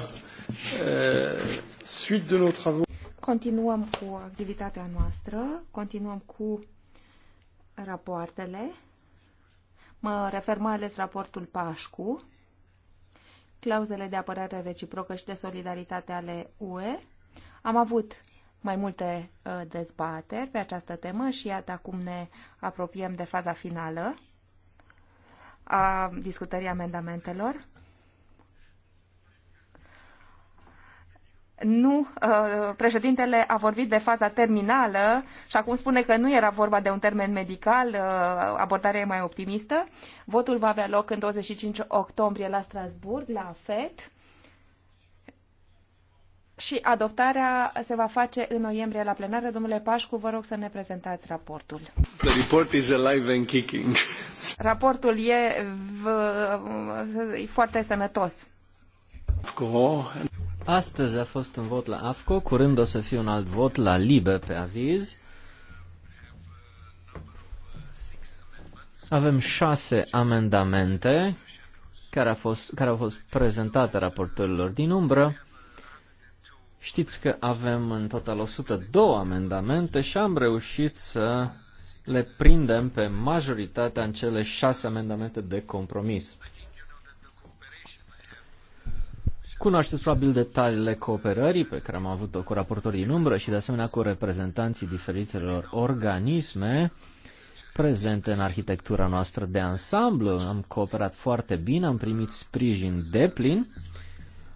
Euh, suite de nos travaux. Continuăm cu activitatea noastră, continuăm cu rapoartele. Mă refer mai ales raportul Pașcu, clauzele de apărare reciprocă și de solidaritate ale UE. Am avut mai multe uh, dezbateri pe această temă și iată acum ne apropiem de faza finală a discutării amendamentelor. nu, uh, președintele a vorbit de faza terminală și acum spune că nu era vorba de un termen medical, uh, abordarea e mai optimistă. Votul va avea loc în 25 octombrie la Strasburg, la FET și adoptarea se va face în noiembrie la plenară. Domnule Pașcu, vă rog să ne prezentați raportul. The report is alive and kicking. Raportul e, e foarte sănătos. Astăzi a fost un vot la AFCO, curând o să fie un alt vot la LIBE pe aviz. Avem șase amendamente care, a fost, care au fost prezentate raportorilor din umbră. Știți că avem în total 102 amendamente și am reușit să le prindem pe majoritatea în cele șase amendamente de compromis. Cunoașteți probabil detaliile cooperării pe care am avut-o cu raportorii în umbră și de asemenea cu reprezentanții diferitelor organisme prezente în arhitectura noastră de ansamblu. Am cooperat foarte bine, am primit sprijin deplin.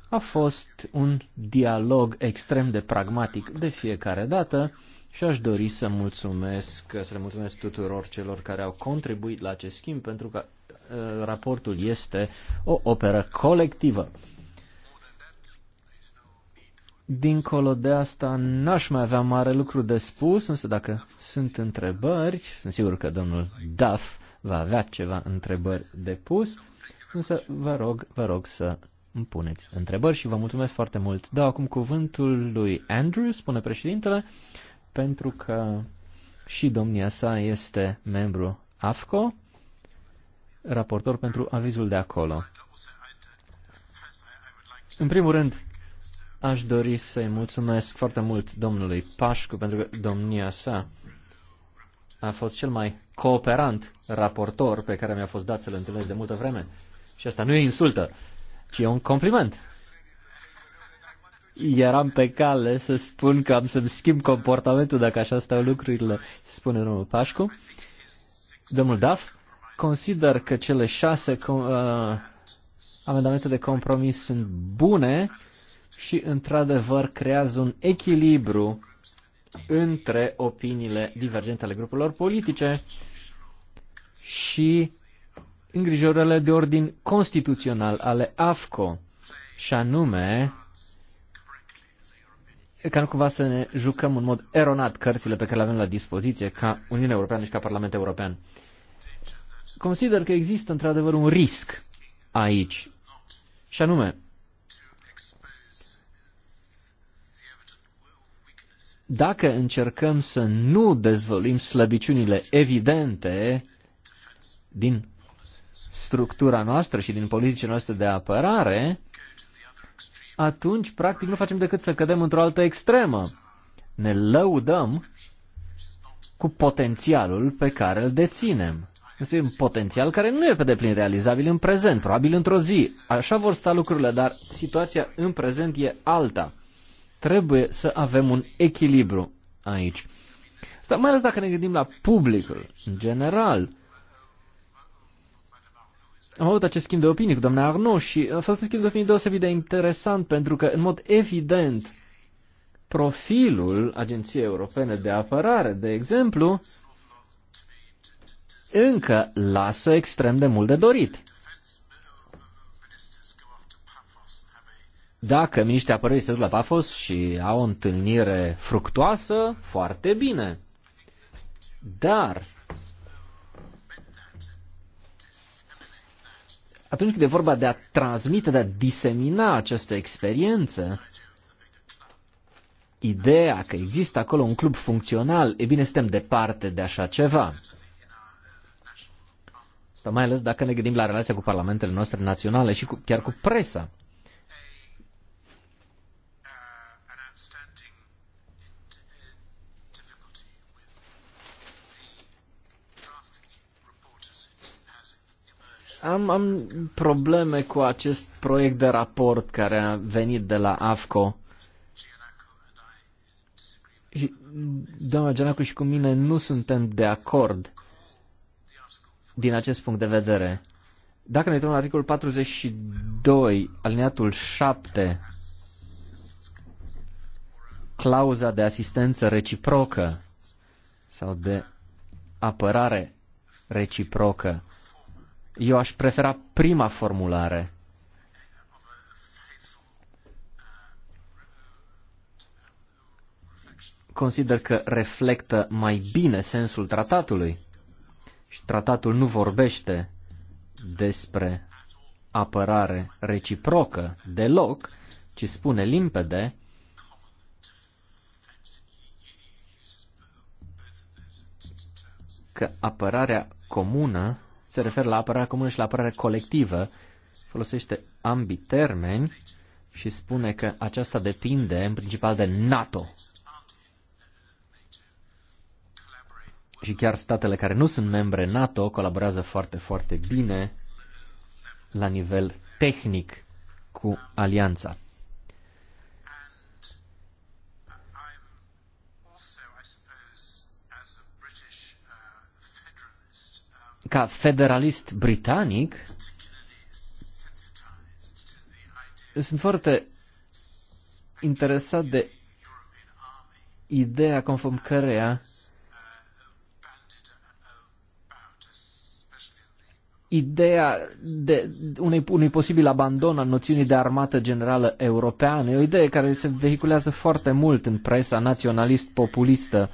A fost un dialog extrem de pragmatic de fiecare dată și aș dori să mulțumesc, să le mulțumesc tuturor celor care au contribuit la acest schimb pentru că uh, raportul este o operă colectivă. Dincolo de asta, n-aș mai avea mare lucru de spus, însă dacă sunt întrebări, sunt sigur că domnul Duff va avea ceva întrebări de pus, însă vă rog, vă rog să îmi puneți întrebări și vă mulțumesc foarte mult. Dau acum cuvântul lui Andrew, spune președintele, pentru că și domnia sa este membru AFCO, raportor pentru avizul de acolo. În primul rând, Aș dori să-i mulțumesc foarte mult domnului Pașcu pentru că domnia sa a fost cel mai cooperant raportor pe care mi-a fost dat să-l întâlnesc de multă vreme. Și asta nu e insultă, ci e un compliment. Eram pe cale să spun că am să-mi schimb comportamentul dacă așa stau lucrurile, spune domnul Pașcu. Domnul Daf, consider că cele șase uh, amendamente de compromis sunt bune și, într-adevăr, creează un echilibru între opiniile divergente ale grupurilor politice și îngrijorările de ordin constituțional ale AFCO, și anume ca nu cumva să ne jucăm în mod eronat cărțile pe care le avem la dispoziție ca Uniunea Europeană și ca Parlament European. Consider că există într-adevăr un risc aici. Și anume, dacă încercăm să nu dezvăluim slăbiciunile evidente din structura noastră și din politicile noastre de apărare, atunci, practic, nu facem decât să cădem într-o altă extremă. Ne lăudăm cu potențialul pe care îl deținem. Este un potențial care nu e pe deplin realizabil în prezent, probabil într-o zi. Așa vor sta lucrurile, dar situația în prezent e alta. Trebuie să avem un echilibru aici. Asta mai ales dacă ne gândim la publicul în general. Am avut acest schimb de opinii cu domnul Arno și a fost un schimb de opinii deosebit de interesant pentru că, în mod evident, profilul Agenției Europene de Apărare, de exemplu, încă lasă extrem de mult de dorit. Dacă miniștrii apărării se duc la Pafos și au o întâlnire fructoasă, foarte bine. Dar atunci când e vorba de a transmite, de a disemina această experiență, ideea că există acolo un club funcțional, e bine, suntem departe de așa ceva. Sau mai ales dacă ne gândim la relația cu parlamentele noastre naționale și cu, chiar cu presa. Am, am probleme cu acest proiect de raport care a venit de la AFCO. Și doamna Gianacu și cu mine nu suntem de acord din acest punct de vedere. Dacă ne uităm la articolul 42, alineatul 7, clauza de asistență reciprocă sau de apărare reciprocă, eu aș prefera prima formulare. Consider că reflectă mai bine sensul tratatului și tratatul nu vorbește despre apărare reciprocă deloc, ci spune limpede că apărarea comună se referă la apărarea comună și la apărarea colectivă. Folosește ambii termeni și spune că aceasta depinde în principal de NATO. Și chiar statele care nu sunt membre NATO colaborează foarte, foarte bine la nivel tehnic cu alianța. ca federalist britanic, sunt foarte interesat de ideea conform căreia ideea de unei, unui posibil abandon al noțiunii de armată generală europeană. E o idee care se vehiculează foarte mult în presa naționalist-populistă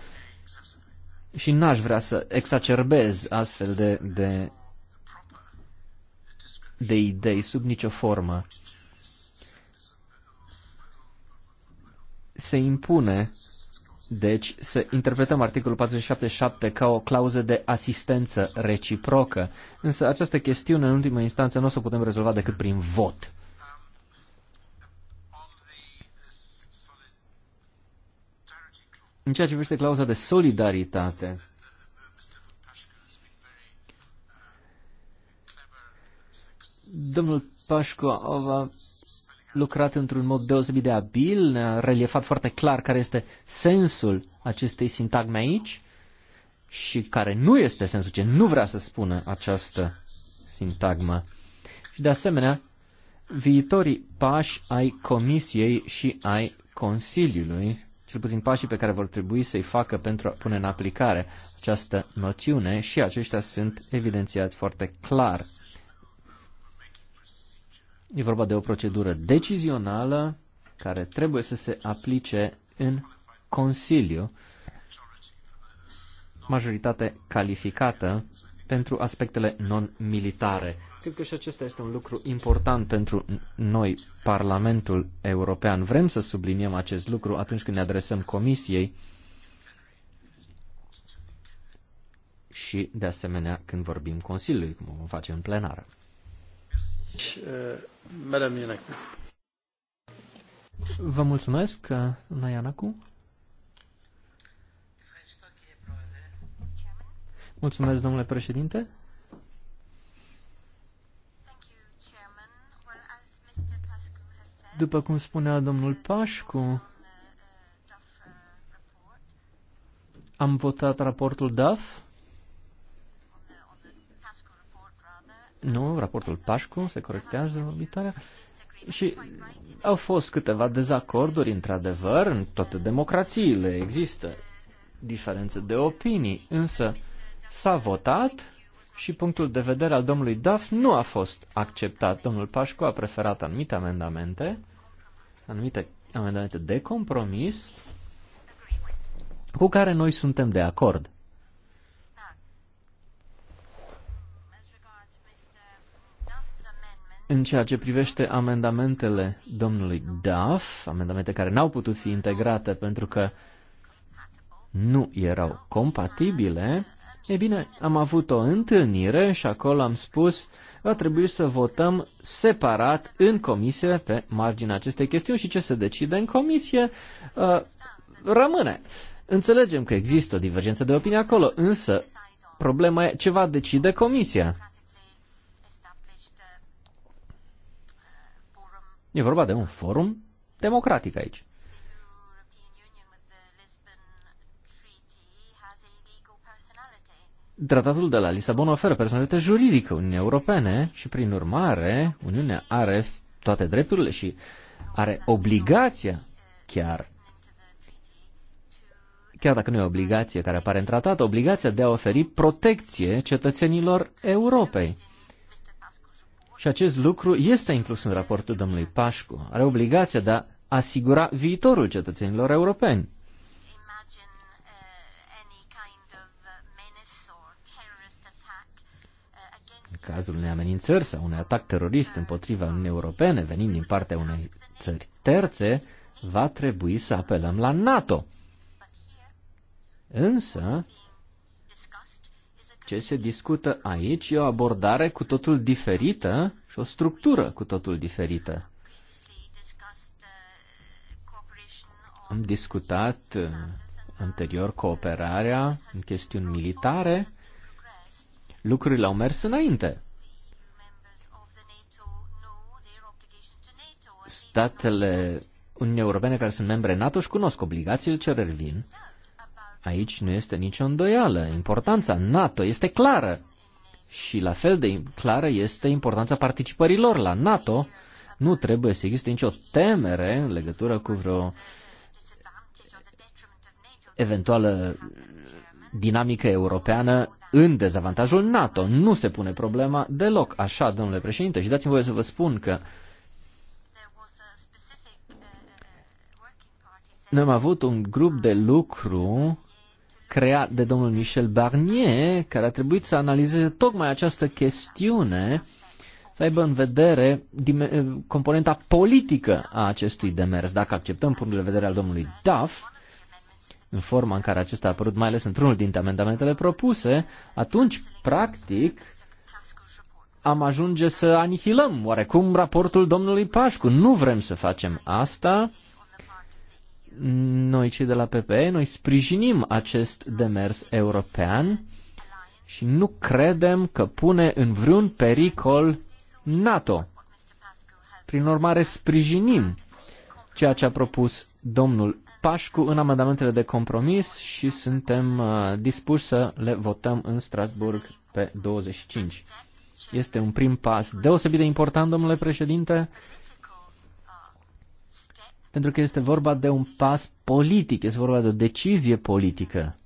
și n-aș vrea să exacerbez astfel de, de, de idei sub nicio formă. Se impune, deci, să interpretăm articolul 47.7 ca o clauză de asistență reciprocă, însă această chestiune, în ultimă instanță, nu o să putem rezolva decât prin vot. În ceea ce privește clauza de solidaritate, domnul Pașcu a lucrat într-un mod deosebit de abil, ne-a reliefat foarte clar care este sensul acestei sintagme aici și care nu este sensul, ce nu vrea să spună această sintagmă. Și de asemenea, viitorii pași ai Comisiei și ai Consiliului cel puțin pașii pe care vor trebui să-i facă pentru a pune în aplicare această noțiune și aceștia sunt evidențiați foarte clar. E vorba de o procedură decizională care trebuie să se aplice în Consiliu, majoritate calificată pentru aspectele non-militare. Cred că și acesta este un lucru important pentru noi, Parlamentul European. Vrem să subliniem acest lucru atunci când ne adresăm Comisiei și, de asemenea, când vorbim Consiliului, cum o face în plenară. Vă mulțumesc, Naianacu. Mulțumesc, domnule președinte. După cum spunea domnul Pașcu, am votat raportul DAF. Nu, raportul Pașcu, se corectează vorbitoarea. Și au fost câteva dezacorduri, într-adevăr, în toate democrațiile există diferențe de opinii, însă S-a votat și punctul de vedere al domnului Duff nu a fost acceptat. Domnul Pașcu a preferat anumite amendamente, anumite amendamente de compromis, cu care noi suntem de acord. În ceea ce privește amendamentele domnului Duff, amendamente care n-au putut fi integrate pentru că nu erau compatibile, E bine, am avut o întâlnire și acolo am spus va trebui să votăm separat în comisie pe marginea acestei chestiuni și ce se decide în comisie uh, rămâne. Înțelegem că există o divergență de opinie acolo, însă problema e ce va decide comisia. E vorba de un forum democratic aici. Tratatul de la Lisabona oferă personalitate juridică Uniunii Europene și, prin urmare, Uniunea are toate drepturile și are obligația chiar chiar dacă nu e obligație care apare în tratat, obligația de a oferi protecție cetățenilor Europei. Și acest lucru este inclus în raportul domnului Pașcu. Are obligația de a asigura viitorul cetățenilor europeni. cazul unei amenințări sau unui atac terorist împotriva Uniunii Europene venind din partea unei țări terțe, va trebui să apelăm la NATO. Însă, ce se discută aici e o abordare cu totul diferită și o structură cu totul diferită. Am discutat uh, anterior cooperarea în chestiuni militare, lucrurile au mers înainte. Statele Uniunii Europene care sunt membre NATO își cunosc obligațiile ce revin. Aici nu este nicio îndoială. Importanța NATO este clară. Și la fel de clară este importanța participării lor la NATO. Nu trebuie să existe nicio temere în legătură cu vreo eventuală dinamică europeană în dezavantajul NATO. Nu se pune problema deloc. Așa, domnule președinte, și dați-mi voie să vă spun că noi am avut un grup de lucru creat de domnul Michel Barnier, care a trebuit să analizeze tocmai această chestiune, să aibă în vedere componenta politică a acestui demers. Dacă acceptăm punctul de vedere al domnului Duff, în forma în care acesta a apărut, mai ales într-unul dintre amendamentele propuse, atunci, practic, am ajunge să anihilăm oarecum raportul domnului Pașcu. Nu vrem să facem asta. Noi, cei de la PPE, noi sprijinim acest demers european și nu credem că pune în vreun pericol NATO. Prin urmare, sprijinim ceea ce a propus domnul pași cu în amendamentele de compromis și suntem uh, dispuși să le votăm în Strasburg pe 25. Este un prim pas deosebit de important, domnule președinte, pentru că este vorba de un pas politic, este vorba de o decizie politică.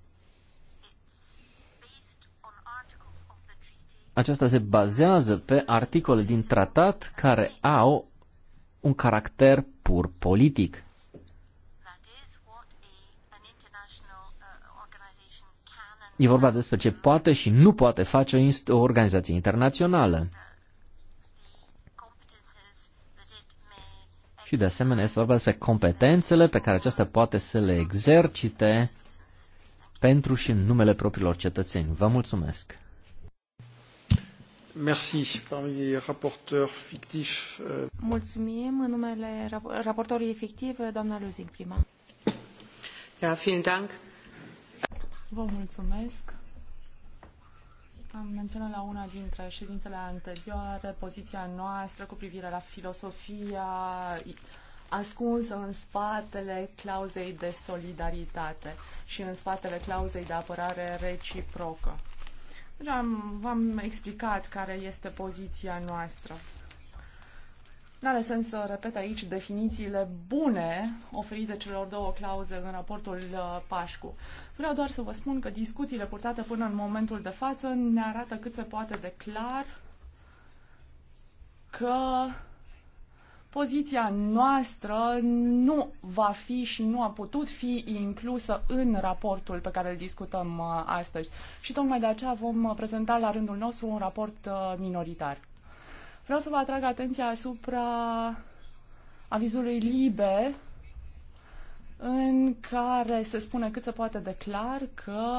Aceasta se bazează pe articole din tratat care au un caracter pur politic. E vorba despre ce poate și nu poate face o organizație internațională. Și de asemenea este vorba despre competențele pe care aceasta poate să le exercite pentru și în numele propriilor cetățeni. Vă mulțumesc! Merci. Parmi raporteurs fictifs. Euh, Mulțumim. În numele raportorului fictiv, doamna Luzing, prima. Ja, vielen Dank. Vă mulțumesc. Am menționat la una dintre ședințele anterioare poziția noastră cu privire la filosofia ascunsă în spatele clauzei de solidaritate și în spatele clauzei de apărare reciprocă. V-am explicat care este poziția noastră. N-are sens să repet aici definițiile bune oferite celor două clauze în raportul uh, Pașcu. Vreau doar să vă spun că discuțiile purtate până în momentul de față ne arată cât se poate de clar că poziția noastră nu va fi și nu a putut fi inclusă în raportul pe care îl discutăm uh, astăzi. Și tocmai de aceea vom uh, prezenta la rândul nostru un raport uh, minoritar. Vreau să vă atrag atenția asupra avizului LIBE în care se spune cât se poate de clar că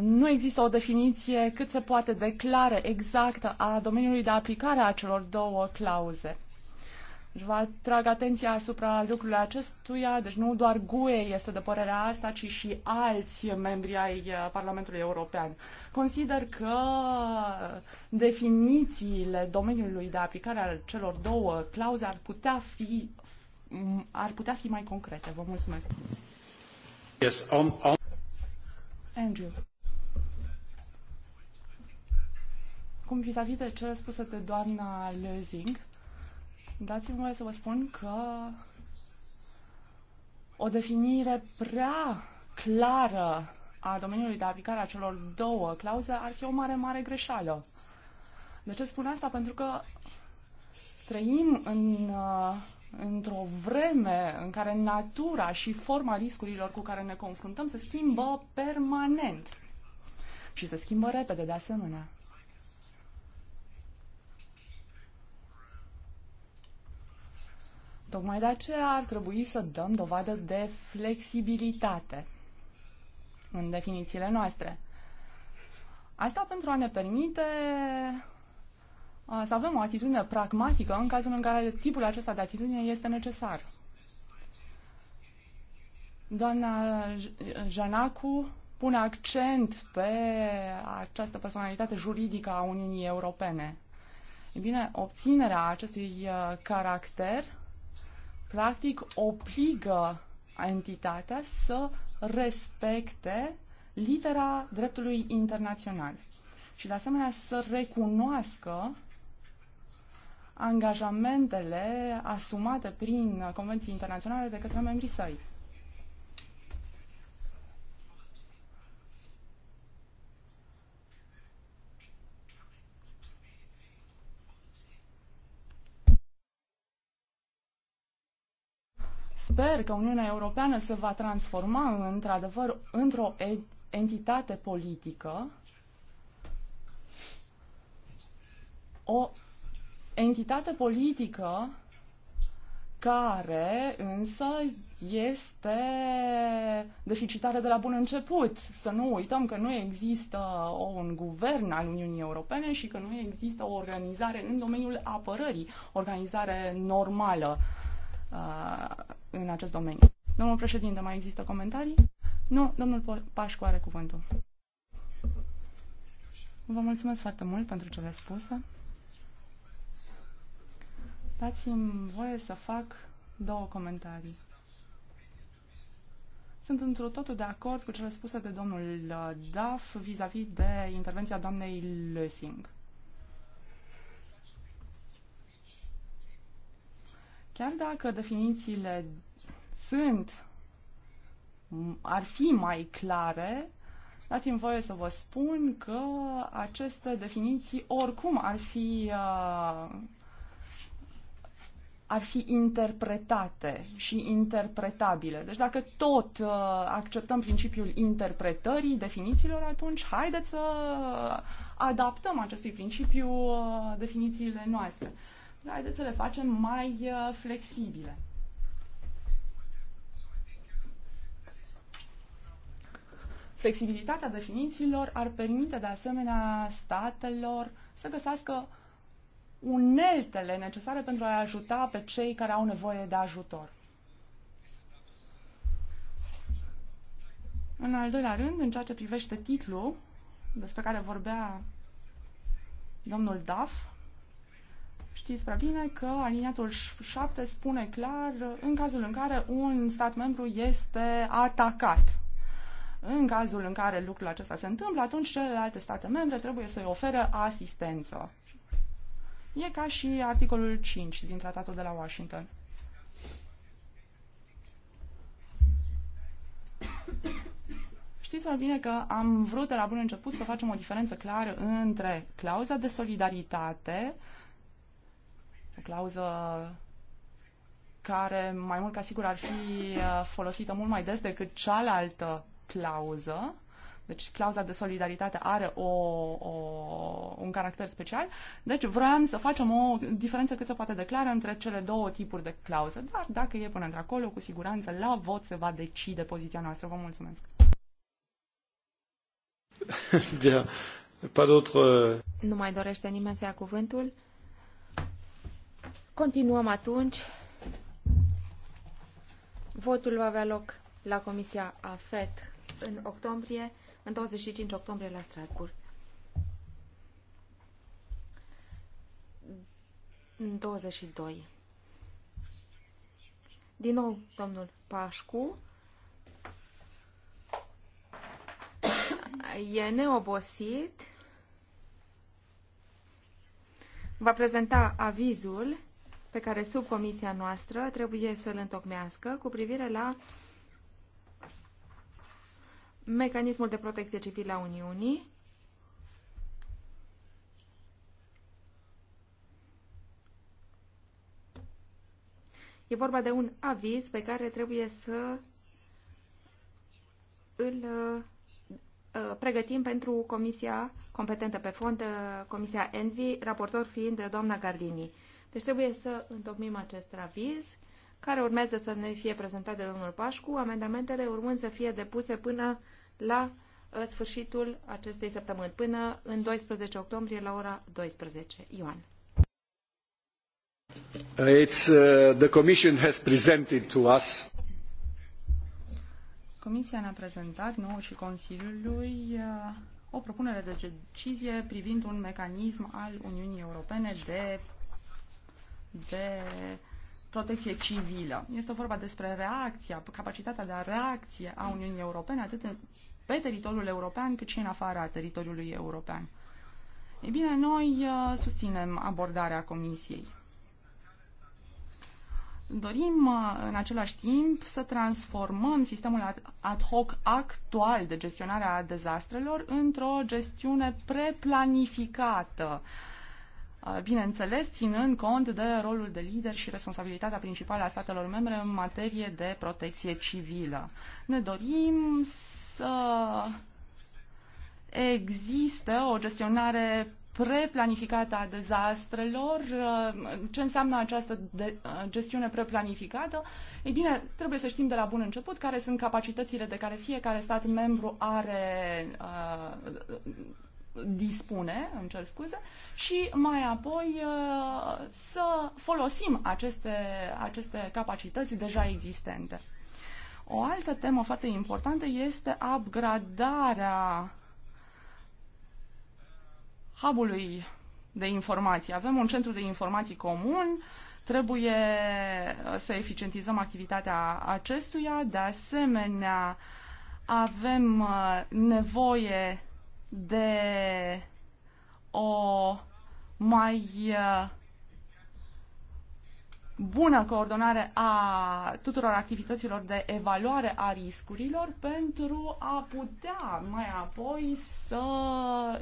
nu există o definiție cât se poate de clară, exactă a domeniului de aplicare a celor două clauze. Deci vă atrag atenția asupra lucrurilor acestuia, deci nu doar GUE este de părerea asta, ci și alți membri ai uh, Parlamentului European. Consider că definițiile domeniului de aplicare al celor două clauze ar putea fi, ar putea fi mai concrete. Vă mulțumesc. Yes, on, on... Andrew. Cum vis-a-vis -vis de cele spuse de doamna Lezing, Dați-mi voie să vă spun că o definire prea clară a domeniului de aplicare a celor două clauze ar fi o mare, mare greșeală. De ce spun asta? Pentru că trăim în, uh, într-o vreme în care natura și forma riscurilor cu care ne confruntăm se schimbă permanent și se schimbă repede de asemenea. Tocmai de aceea ar trebui să dăm dovadă de flexibilitate în definițiile noastre. Asta pentru a ne permite uh, să avem o atitudine pragmatică în cazul în care tipul acesta de atitudine este necesar. Doamna Janacu pune accent pe această personalitate juridică a Uniunii Europene. E bine, obținerea acestui uh, caracter practic obligă entitatea să respecte litera dreptului internațional și de asemenea să recunoască angajamentele asumate prin convenții internaționale de către membrii săi. Sper că Uniunea Europeană se va transforma într-adevăr într-o entitate politică, o entitate politică care însă este deficitară de la bun început. Să nu uităm că nu există un guvern al Uniunii Europene și că nu există o organizare în domeniul apărării, organizare normală uh, Uh, în acest domeniu. Domnul președinte, mai există comentarii? Nu, domnul Pașcu are cuvântul. Vă mulțumesc foarte mult pentru cele spuse. Dați-mi voie să fac două comentarii. Sunt într o totul de acord cu cele spuse de domnul uh, Duff vis-a-vis -vis de intervenția doamnei Lösing. Chiar dacă definițiile sunt, ar fi mai clare, dați-mi voie să vă spun că aceste definiții oricum ar fi uh, ar fi interpretate și interpretabile. Deci dacă tot uh, acceptăm principiul interpretării definițiilor, atunci haideți să adaptăm acestui principiu uh, definițiile noastre. Uh, haideți să le facem mai uh, flexibile. Flexibilitatea definițiilor ar permite de asemenea statelor să găsească uneltele necesare pentru a ajuta pe cei care au nevoie de ajutor. În al doilea rând, în ceea ce privește titlul despre care vorbea domnul Duff, Știți prea bine că aliniatul 7 spune clar în cazul în care un stat membru este atacat. În cazul în care lucrul acesta se întâmplă, atunci celelalte state membre trebuie să-i ofere asistență. E ca și articolul 5 din tratatul de la Washington. Știți mai bine că am vrut de la bun început să facem o diferență clară între clauza de solidaritate uh, clauză care mai mult ca sigur ar fi uh, folosită mult mai des decât cealaltă clauză. Deci clauza de solidaritate are o, o, un caracter special. Deci vreau să facem o diferență cât se poate de clară între cele două tipuri de clauze. Dar dacă e până într-acolo, cu siguranță la vot se va decide poziția noastră. Vă mulțumesc. Bine, Pas euh, Nu mai dorește nimeni să ia cuvântul? Continuăm atunci. Votul va avea loc la Comisia AFET în octombrie, în 25 octombrie la Strasburg. În 22. Din nou, domnul Pașcu e neobosit va prezenta avizul pe care subcomisia noastră trebuie să-l întocmească cu privire la mecanismul de protecție civilă a Uniunii, E vorba de un aviz pe care trebuie să îl uh, pregătim pentru Comisia competentă pe fond, uh, Comisia Envi, raportor fiind uh, doamna Gardini. Deci trebuie să întocmim acest aviz, care urmează să ne fie prezentat de domnul Pașcu, amendamentele urmând să fie depuse până la uh, sfârșitul acestei săptămâni, până în 12 octombrie la ora 12. Ioan. It's, uh, the commission has presented to us. Comisia ne-a prezentat nouă și Consiliului uh o propunere de decizie privind un mecanism al Uniunii Europene de, de protecție civilă. Este vorba despre reacția, capacitatea de a reacție a Uniunii Europene, atât pe teritoriul european, cât și în afara teritoriului european. Ei bine, noi uh, susținem abordarea Comisiei. Dorim uh, în același timp să transformăm sistemul ad hoc actual de gestionare a dezastrelor într-o gestiune preplanificată, uh, bineînțeles ținând cont de rolul de lider și responsabilitatea principală a statelor membre în materie de protecție civilă. Ne dorim să există o gestionare preplanificată a dezastrelor. Uh, ce înseamnă această de, uh, gestiune preplanificată? Ei bine, trebuie să știm de la bun început care sunt capacitățile de care fiecare stat membru are uh, dispune, îmi cer scuze, și mai apoi uh, să folosim aceste, aceste capacități deja existente. O altă temă foarte importantă este upgradarea uh, hubului de informații. Avem un centru de informații comun, trebuie uh, să eficientizăm activitatea acestuia, de asemenea avem uh, nevoie de o mai uh, bună coordonare a tuturor activităților de evaluare a riscurilor pentru a putea mai apoi să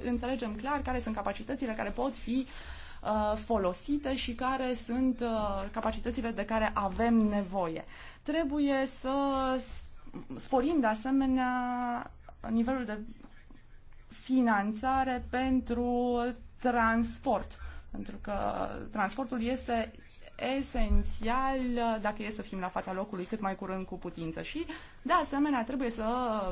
înțelegem clar care sunt capacitățile care pot fi uh, folosite și care sunt uh, capacitățile de care avem nevoie. Trebuie să sporim de asemenea nivelul de finanțare pentru transport pentru că transportul este esențial dacă e să fim la fața locului cât mai curând cu putință. Și, de asemenea, trebuie să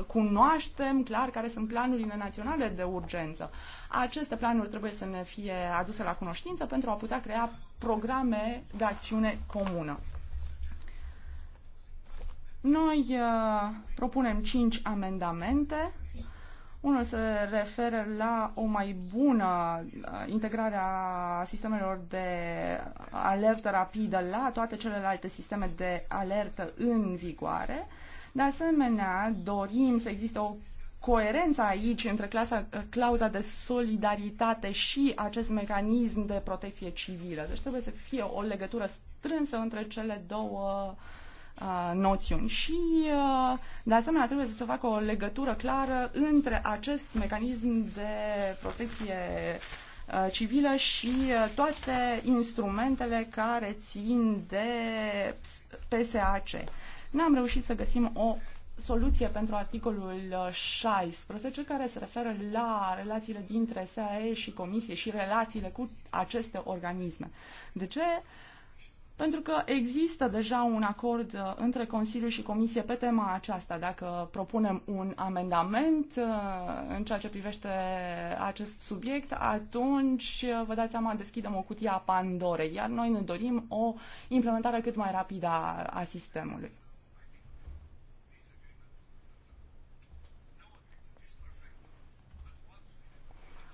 cunoaștem clar care sunt planurile naționale de urgență. Aceste planuri trebuie să ne fie aduse la cunoștință pentru a putea crea programe de acțiune comună. Noi uh, propunem cinci amendamente unul se referă la o mai bună uh, integrare a sistemelor de alertă rapidă la toate celelalte sisteme de alertă în vigoare. De asemenea, dorim să existe o coerența aici între clasa, uh, clauza de solidaritate și acest mecanism de protecție civilă. Deci trebuie să fie o legătură strânsă între cele două uh, Uh, noțiuni și, uh, de asemenea, trebuie să se facă o legătură clară între acest mecanism de protecție uh, civilă și toate instrumentele care țin de PSAC. N-am reușit să găsim o soluție pentru articolul 16 care se referă la relațiile dintre SAE și Comisie și relațiile cu aceste organisme. De ce? Uh, pentru că există deja un acord uh, între Consiliu și Comisie pe tema aceasta. Dacă propunem un amendament uh, în ceea ce privește acest subiect, atunci, uh, vă dați seama, deschidem o cutie a Pandorei, iar noi ne dorim o implementare cât mai rapidă a sistemului.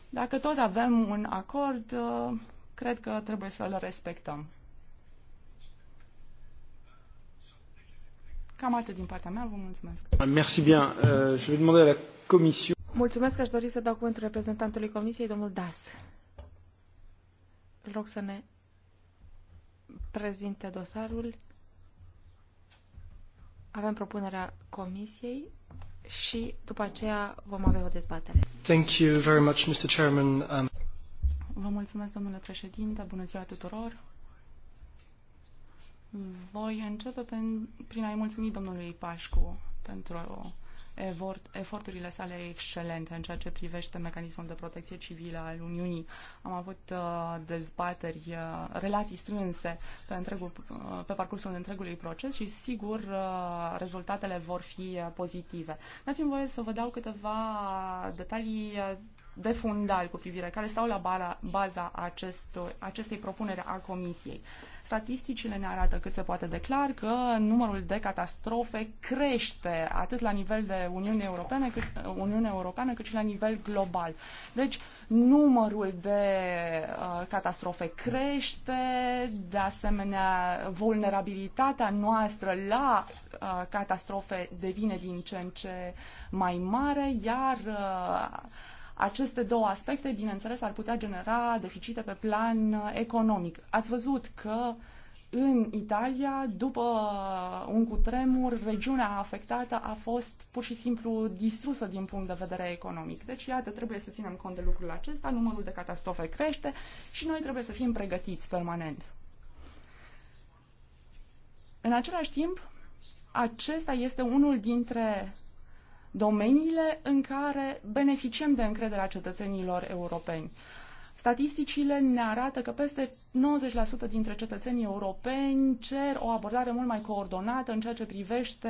Dacă tot avem un acord, cred că trebuie să-l respectăm. Cam atât din partea mea, vă mulțumesc. Merci bien. Euh, je vais demander la commission. Mulțumesc, aș dori să dau cuvântul reprezentantului comisiei, domnul Das. Îl rog să ne prezinte dosarul. Avem propunerea comisiei și după aceea vom avea o dezbatere. Thank you very much, Mr. Chairman. Um... Vă mulțumesc, domnule președinte. Bună ziua tuturor. Voi începe prin, prin a-i mulțumi domnului Pașcu pentru eforturile sale excelente în ceea ce privește mecanismul de protecție civilă al Uniunii. Am avut uh, dezbateri, uh, relații strânse pe, întregul, uh, pe parcursul întregului proces și, sigur, uh, rezultatele vor fi uh, pozitive. Dați-mi voie să vă dau câteva detalii uh, de fundal cu privire, care stau la bara, baza acestor, acestei propuneri a Comisiei. Statisticile ne arată cât se poate declar că numărul de catastrofe crește atât la nivel de Uniune Europeană cât, Uniune Europeană, cât și la nivel global. Deci, numărul de uh, catastrofe crește, de asemenea, vulnerabilitatea noastră la uh, catastrofe devine din ce în ce mai mare, iar uh, aceste două aspecte, bineînțeles, ar putea genera deficite pe plan uh, economic. Ați văzut că în Italia, după un cutremur, regiunea afectată a fost pur și simplu distrusă din punct de vedere economic. Deci, iată, trebuie să ținem cont de lucrul acesta, numărul de catastrofe crește și noi trebuie să fim pregătiți permanent. În același timp, acesta este unul dintre domeniile în care beneficiem de încrederea cetățenilor europeni. Statisticile ne arată că peste 90% dintre cetățenii europeni cer o abordare mult mai coordonată în ceea ce privește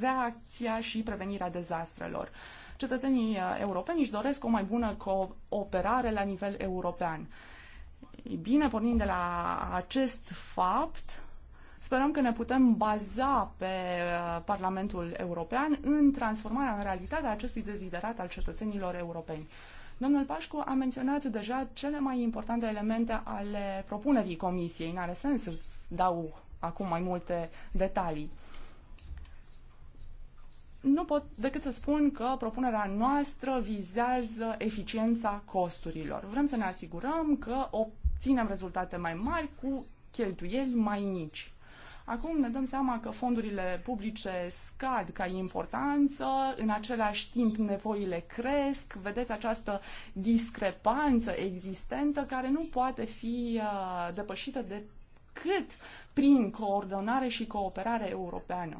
reacția și prevenirea dezastrelor. Cetățenii uh, europeni își doresc o mai bună cooperare la nivel european. Bine, pornind de la acest fapt, Sperăm că ne putem baza pe uh, Parlamentul European în transformarea în realitate a acestui deziderat al cetățenilor europeni. Domnul Pașcu a menționat deja cele mai importante elemente ale propunerii Comisiei. N-are sens să dau acum mai multe detalii nu pot decât să spun că propunerea noastră vizează eficiența costurilor. Vrem să ne asigurăm că obținem rezultate mai mari cu cheltuieli mai mici. Acum ne dăm seama că fondurile publice scad ca importanță, în același timp nevoile cresc, vedeți această discrepanță existentă care nu poate fi uh, depășită de cât prin coordonare și cooperare europeană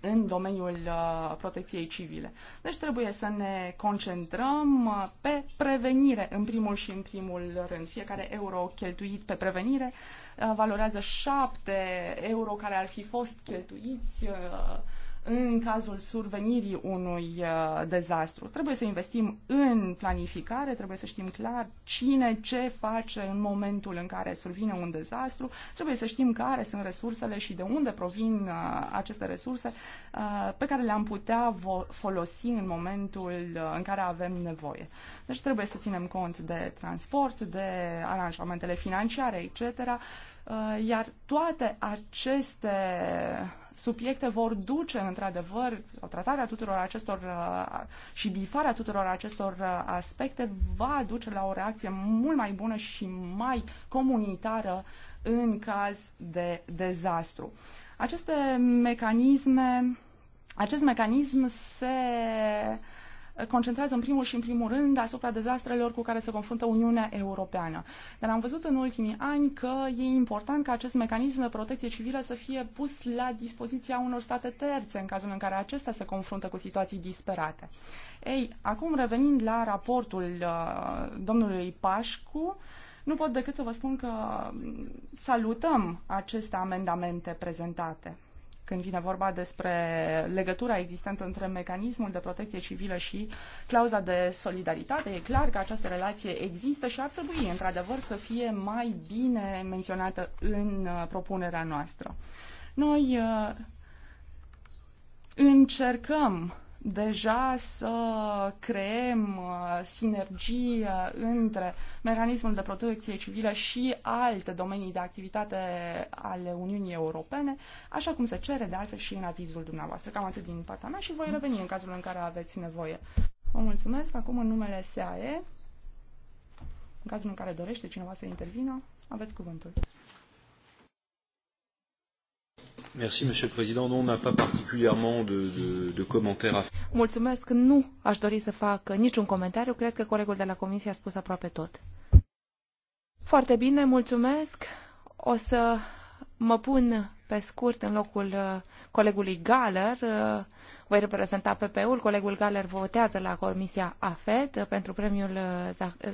în domeniul uh, protecției civile. Deci trebuie să ne concentrăm uh, pe prevenire în primul și în primul rând. Fiecare euro cheltuit pe prevenire uh, valorează 7 euro care ar fi fost cheltuiți în cazul survenirii unui uh, dezastru. Trebuie să investim în planificare, trebuie să știm clar cine ce face în momentul în care survine un dezastru, trebuie să știm care sunt resursele și de unde provin uh, aceste resurse uh, pe care le-am putea folosi în momentul în care avem nevoie. Deci trebuie să ținem cont de transport, de aranjamentele financiare, etc. Iar toate aceste subiecte vor duce, într-adevăr, tratarea tuturor acestor uh, și bifarea tuturor acestor uh, aspecte va duce la o reacție mult mai bună și mai comunitară în caz de dezastru. Aceste mecanisme, acest mecanism se uh, concentrează în primul și în primul rând asupra dezastrelor cu care se confruntă Uniunea Europeană. Dar am văzut în ultimii ani că e important ca acest mecanism de protecție civilă să fie pus la dispoziția unor state terțe în cazul în care acestea se confruntă cu situații disperate. Ei, acum revenind la raportul uh, domnului Pașcu, nu pot decât să vă spun că mm, salutăm aceste amendamente prezentate când vine vorba despre legătura existentă între mecanismul de protecție civilă și clauza de solidaritate. E clar că această relație există și ar trebui, într-adevăr, să fie mai bine menționată în uh, propunerea noastră. Noi uh, încercăm deja să creăm uh, sinergie uh, între mecanismul de protecție civilă și alte domenii de activitate ale Uniunii Europene, așa cum se cere de altfel și în avizul dumneavoastră. Cam atât din partea mea și voi reveni în cazul în care aveți nevoie. Vă mulțumesc. Acum, în numele SAE, în cazul în care dorește cineva să intervină, aveți cuvântul. Merci, Monsieur le Président. pas particulièrement de, de, de à Mulțumesc. Nu aș dori să fac niciun comentariu. Cred că colegul de la Comisie a spus aproape tot. Foarte bine, mulțumesc. O să mă pun pe scurt în locul uh, colegului Galer. Uh, voi reprezenta PP-ul. Colegul Galer votează la Comisia AFED uh, pentru premiul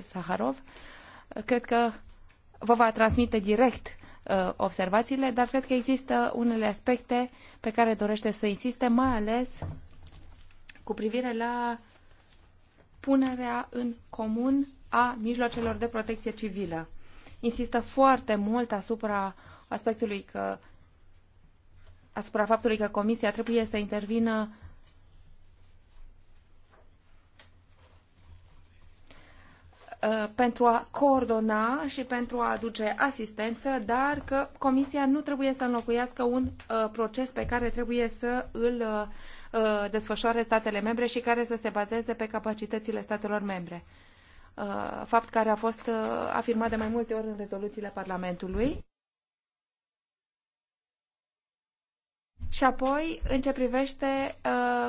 Zaharov. Cred că vă va transmite direct Uh, observațiile, dar cred că există unele aspecte pe care dorește să insiste, mai ales cu privire la punerea în comun a mijloacelor de protecție civilă. Insistă foarte mult asupra aspectului că asupra faptului că Comisia trebuie să intervină Uh, pentru a coordona și pentru a aduce asistență, dar că Comisia nu trebuie să înlocuiască un uh, proces pe care trebuie să îl uh, desfășoare statele membre și care să se bazeze pe capacitățile statelor membre. Fapt care a fost afirmat de mai multe ori în rezoluțiile Parlamentului. Și apoi, în ce privește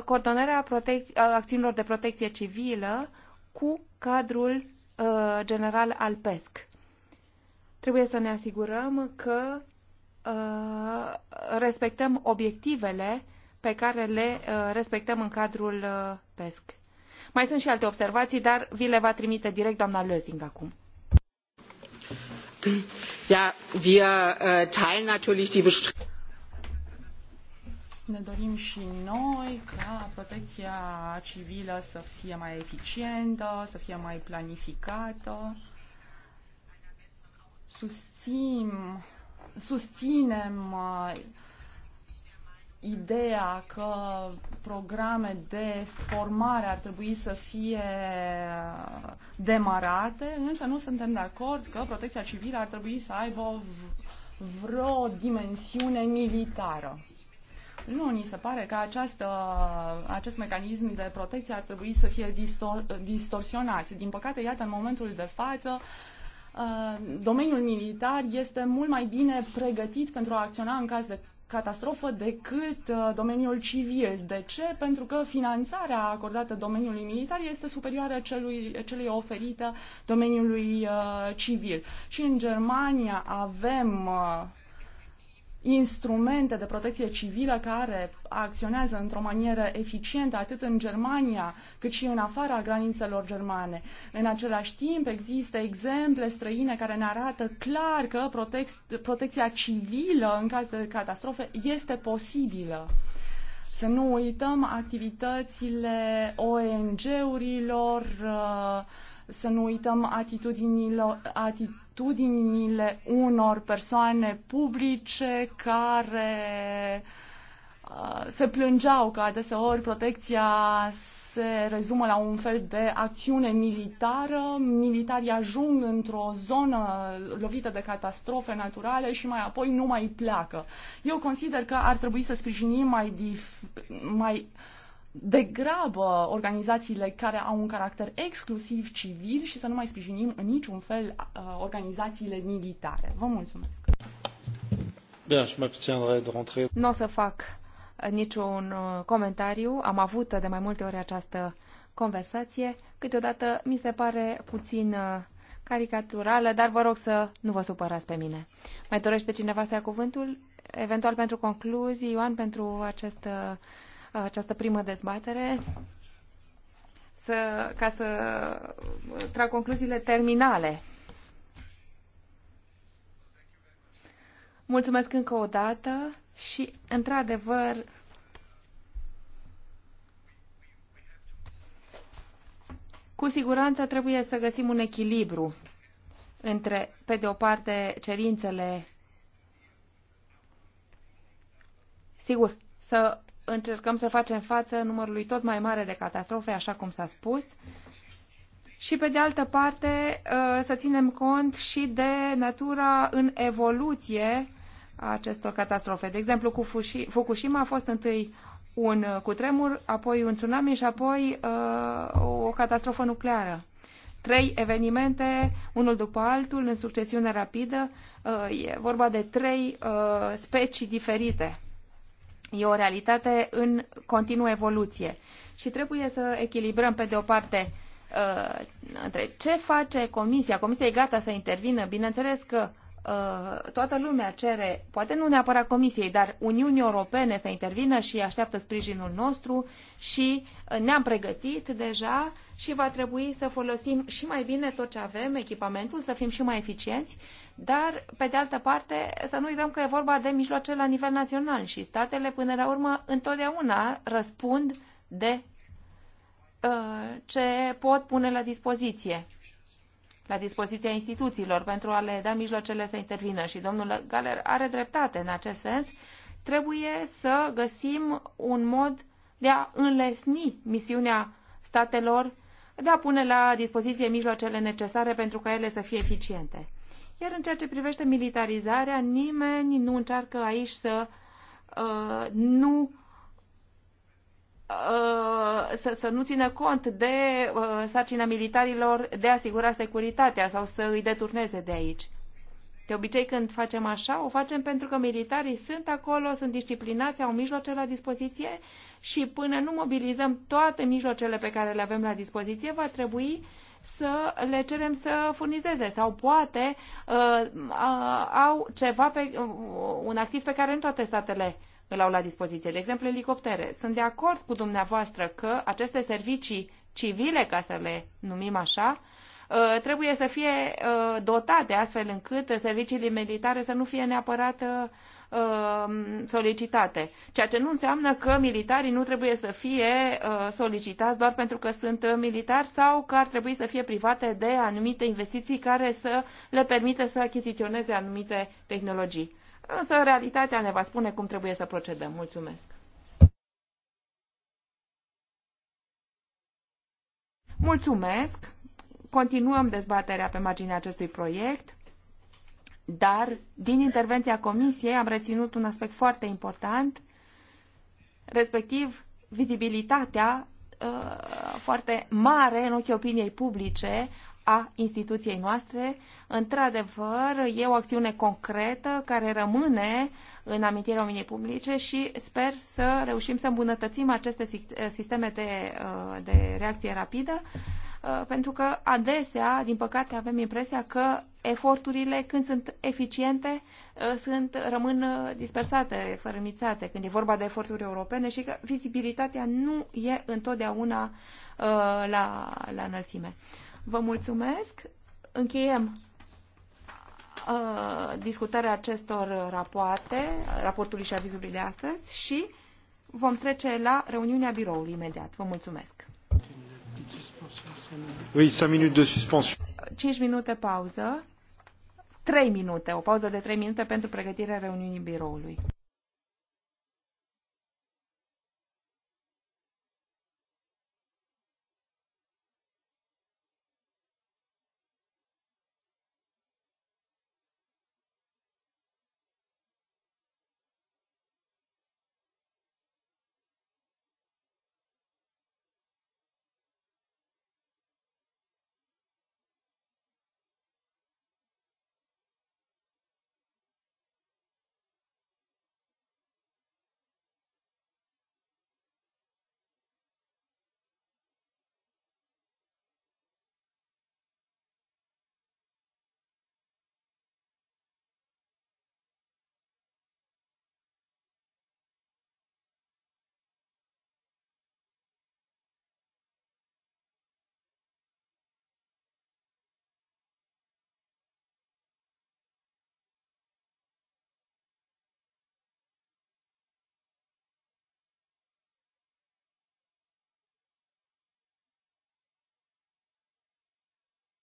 coordonarea acțiunilor de protecție civilă cu cadrul Uh, general al PESC. Trebuie să ne asigurăm că uh, respectăm obiectivele pe care le uh, respectăm în cadrul uh, PESC. Mai sunt și alte observații, dar vi le va trimite direct doamna Lözing acum. Ja, wir uh, teilen natürlich die ne dorim și noi ca protecția civilă să fie mai eficientă, să fie mai planificată. Susțin, susținem uh, ideea că programe de formare ar trebui să fie uh, demarate, însă nu suntem de acord că protecția civilă ar trebui să aibă vreo dimensiune militară. Nu, ni se pare că această, acest mecanism de protecție ar trebui să fie distor, distorsionat. Din păcate, iată, în momentul de față, uh, domeniul militar este mult mai bine pregătit pentru a acționa în caz de catastrofă decât uh, domeniul civil. De ce? Pentru că finanțarea acordată domeniului militar este superioară celui, celei oferită domeniului uh, civil. Și în Germania avem uh, instrumente de protecție civilă care acționează într-o manieră eficientă atât în Germania cât și în afara granițelor germane. În același timp există exemple străine care ne arată clar că protec- protecția civilă în caz de catastrofe este posibilă. Să nu uităm activitățile ONG-urilor, uh, să nu uităm atitudinile, atitudinile unor persoane publice care uh, se plângeau că adeseori protecția se rezumă la un fel de acțiune militară. Militarii ajung într-o zonă lovită de catastrofe naturale și mai apoi nu mai pleacă. Eu consider că ar trebui să sprijinim mai, dif- mai uh, degrabă organizațiile care au un caracter exclusiv civil și să nu mai sprijinim în niciun fel uh, organizațiile militare. Vă mulțumesc! Bine, de Nu o să fac uh, niciun uh, comentariu. Am avut de mai multe ori această conversație. Câteodată mi se pare puțin caricaturală, dar vă rog să nu vă supărați pe mine. Mai dorește cineva să ia cuvântul? Eventual pentru concluzii, Ioan, pentru această această primă dezbatere să, ca să uh, trag concluziile terminale. Mulțumesc încă o dată și, într-adevăr, cu siguranță trebuie să găsim un echilibru între, pe de o parte, cerințele. Sigur, să încercăm să facem față numărului tot mai mare de catastrofe, așa cum s-a spus, și pe de altă parte uh, să ținem cont și de natura în evoluție a acestor catastrofe. De exemplu, cu Fukushima a fost întâi un cutremur, apoi un tsunami și apoi uh, o catastrofă nucleară trei evenimente, unul după altul, în succesiune rapidă. Uh, e vorba de trei specii diferite. E o realitate în continuă evoluție și trebuie să echilibrăm pe de o parte uh, între ce face Comisia. Comisia e gata să intervină. Bineînțeles că Uh, toată lumea cere, poate nu neapărat Comisiei, dar Uniunii Europene să intervină și așteaptă sprijinul nostru și uh, ne-am pregătit deja și va trebui să folosim și mai bine tot ce avem, echipamentul, să fim și mai eficienți, dar, pe de altă parte, să nu uităm că e vorba de mijloace la nivel național și statele, până la urmă, întotdeauna răspund de uh, ce pot pune la dispoziție la dispoziția instituțiilor pentru a le da mijloacele să intervină. Și domnul Galer are dreptate în acest sens. Trebuie să găsim un mod de a înlesni misiunea statelor, de a pune la dispoziție mijloacele necesare pentru ca ele să fie eficiente. Iar în ceea ce privește militarizarea, nimeni nu încearcă aici să uh, nu Uh, să, să nu țină cont de uh, sarcina militarilor de a asigura securitatea sau să îi deturneze de aici. De obicei, când facem așa, o facem pentru că militarii sunt acolo, sunt disciplinați, au mijloace la dispoziție și până nu mobilizăm toate mijloacele pe care le avem la dispoziție, va trebui să le cerem să furnizeze sau poate uh, uh, au ceva pe uh, un activ pe care în toate statele uh, îl au la dispoziție, de exemplu elicoptere. Sunt de acord cu dumneavoastră că aceste servicii civile, ca să le numim așa, ă, trebuie să fie ă, dotate astfel încât serviciile militare să nu fie neapărat ă, solicitate. Ceea ce nu înseamnă că militarii nu trebuie să fie solicitați doar pentru că sunt militari sau că ar trebui să fie private de anumite investiții care să le permită să achiziționeze anumite tehnologii însă realitatea ne va spune cum trebuie să procedăm. Mulțumesc! Mulțumesc! Continuăm dezbaterea pe marginea acestui proiect, dar din intervenția Comisiei am reținut un aspect foarte important, respectiv vizibilitatea uh, foarte mare în ochii opiniei publice a instituției noastre. Într-adevăr, e o acțiune concretă care rămâne în amintirea omenii publice și sper să reușim să îmbunătățim aceste sisteme de, uh, de reacție rapidă, uh, pentru că adesea, din păcate, avem impresia că eforturile, când sunt eficiente, uh, sunt, rămân dispersate, fărâmițate, când e vorba de eforturi europene și că vizibilitatea nu e întotdeauna la, la înălțime. Vă mulțumesc. Încheiem uh, discutarea acestor rapoarte, raportului și avizului de astăzi și vom trece la reuniunea biroului imediat. Vă mulțumesc. Oui, 5 minute de suspension. 5 minute pauză. 3 minute, o pauză de 3 minute pentru pregătirea reuniunii biroului.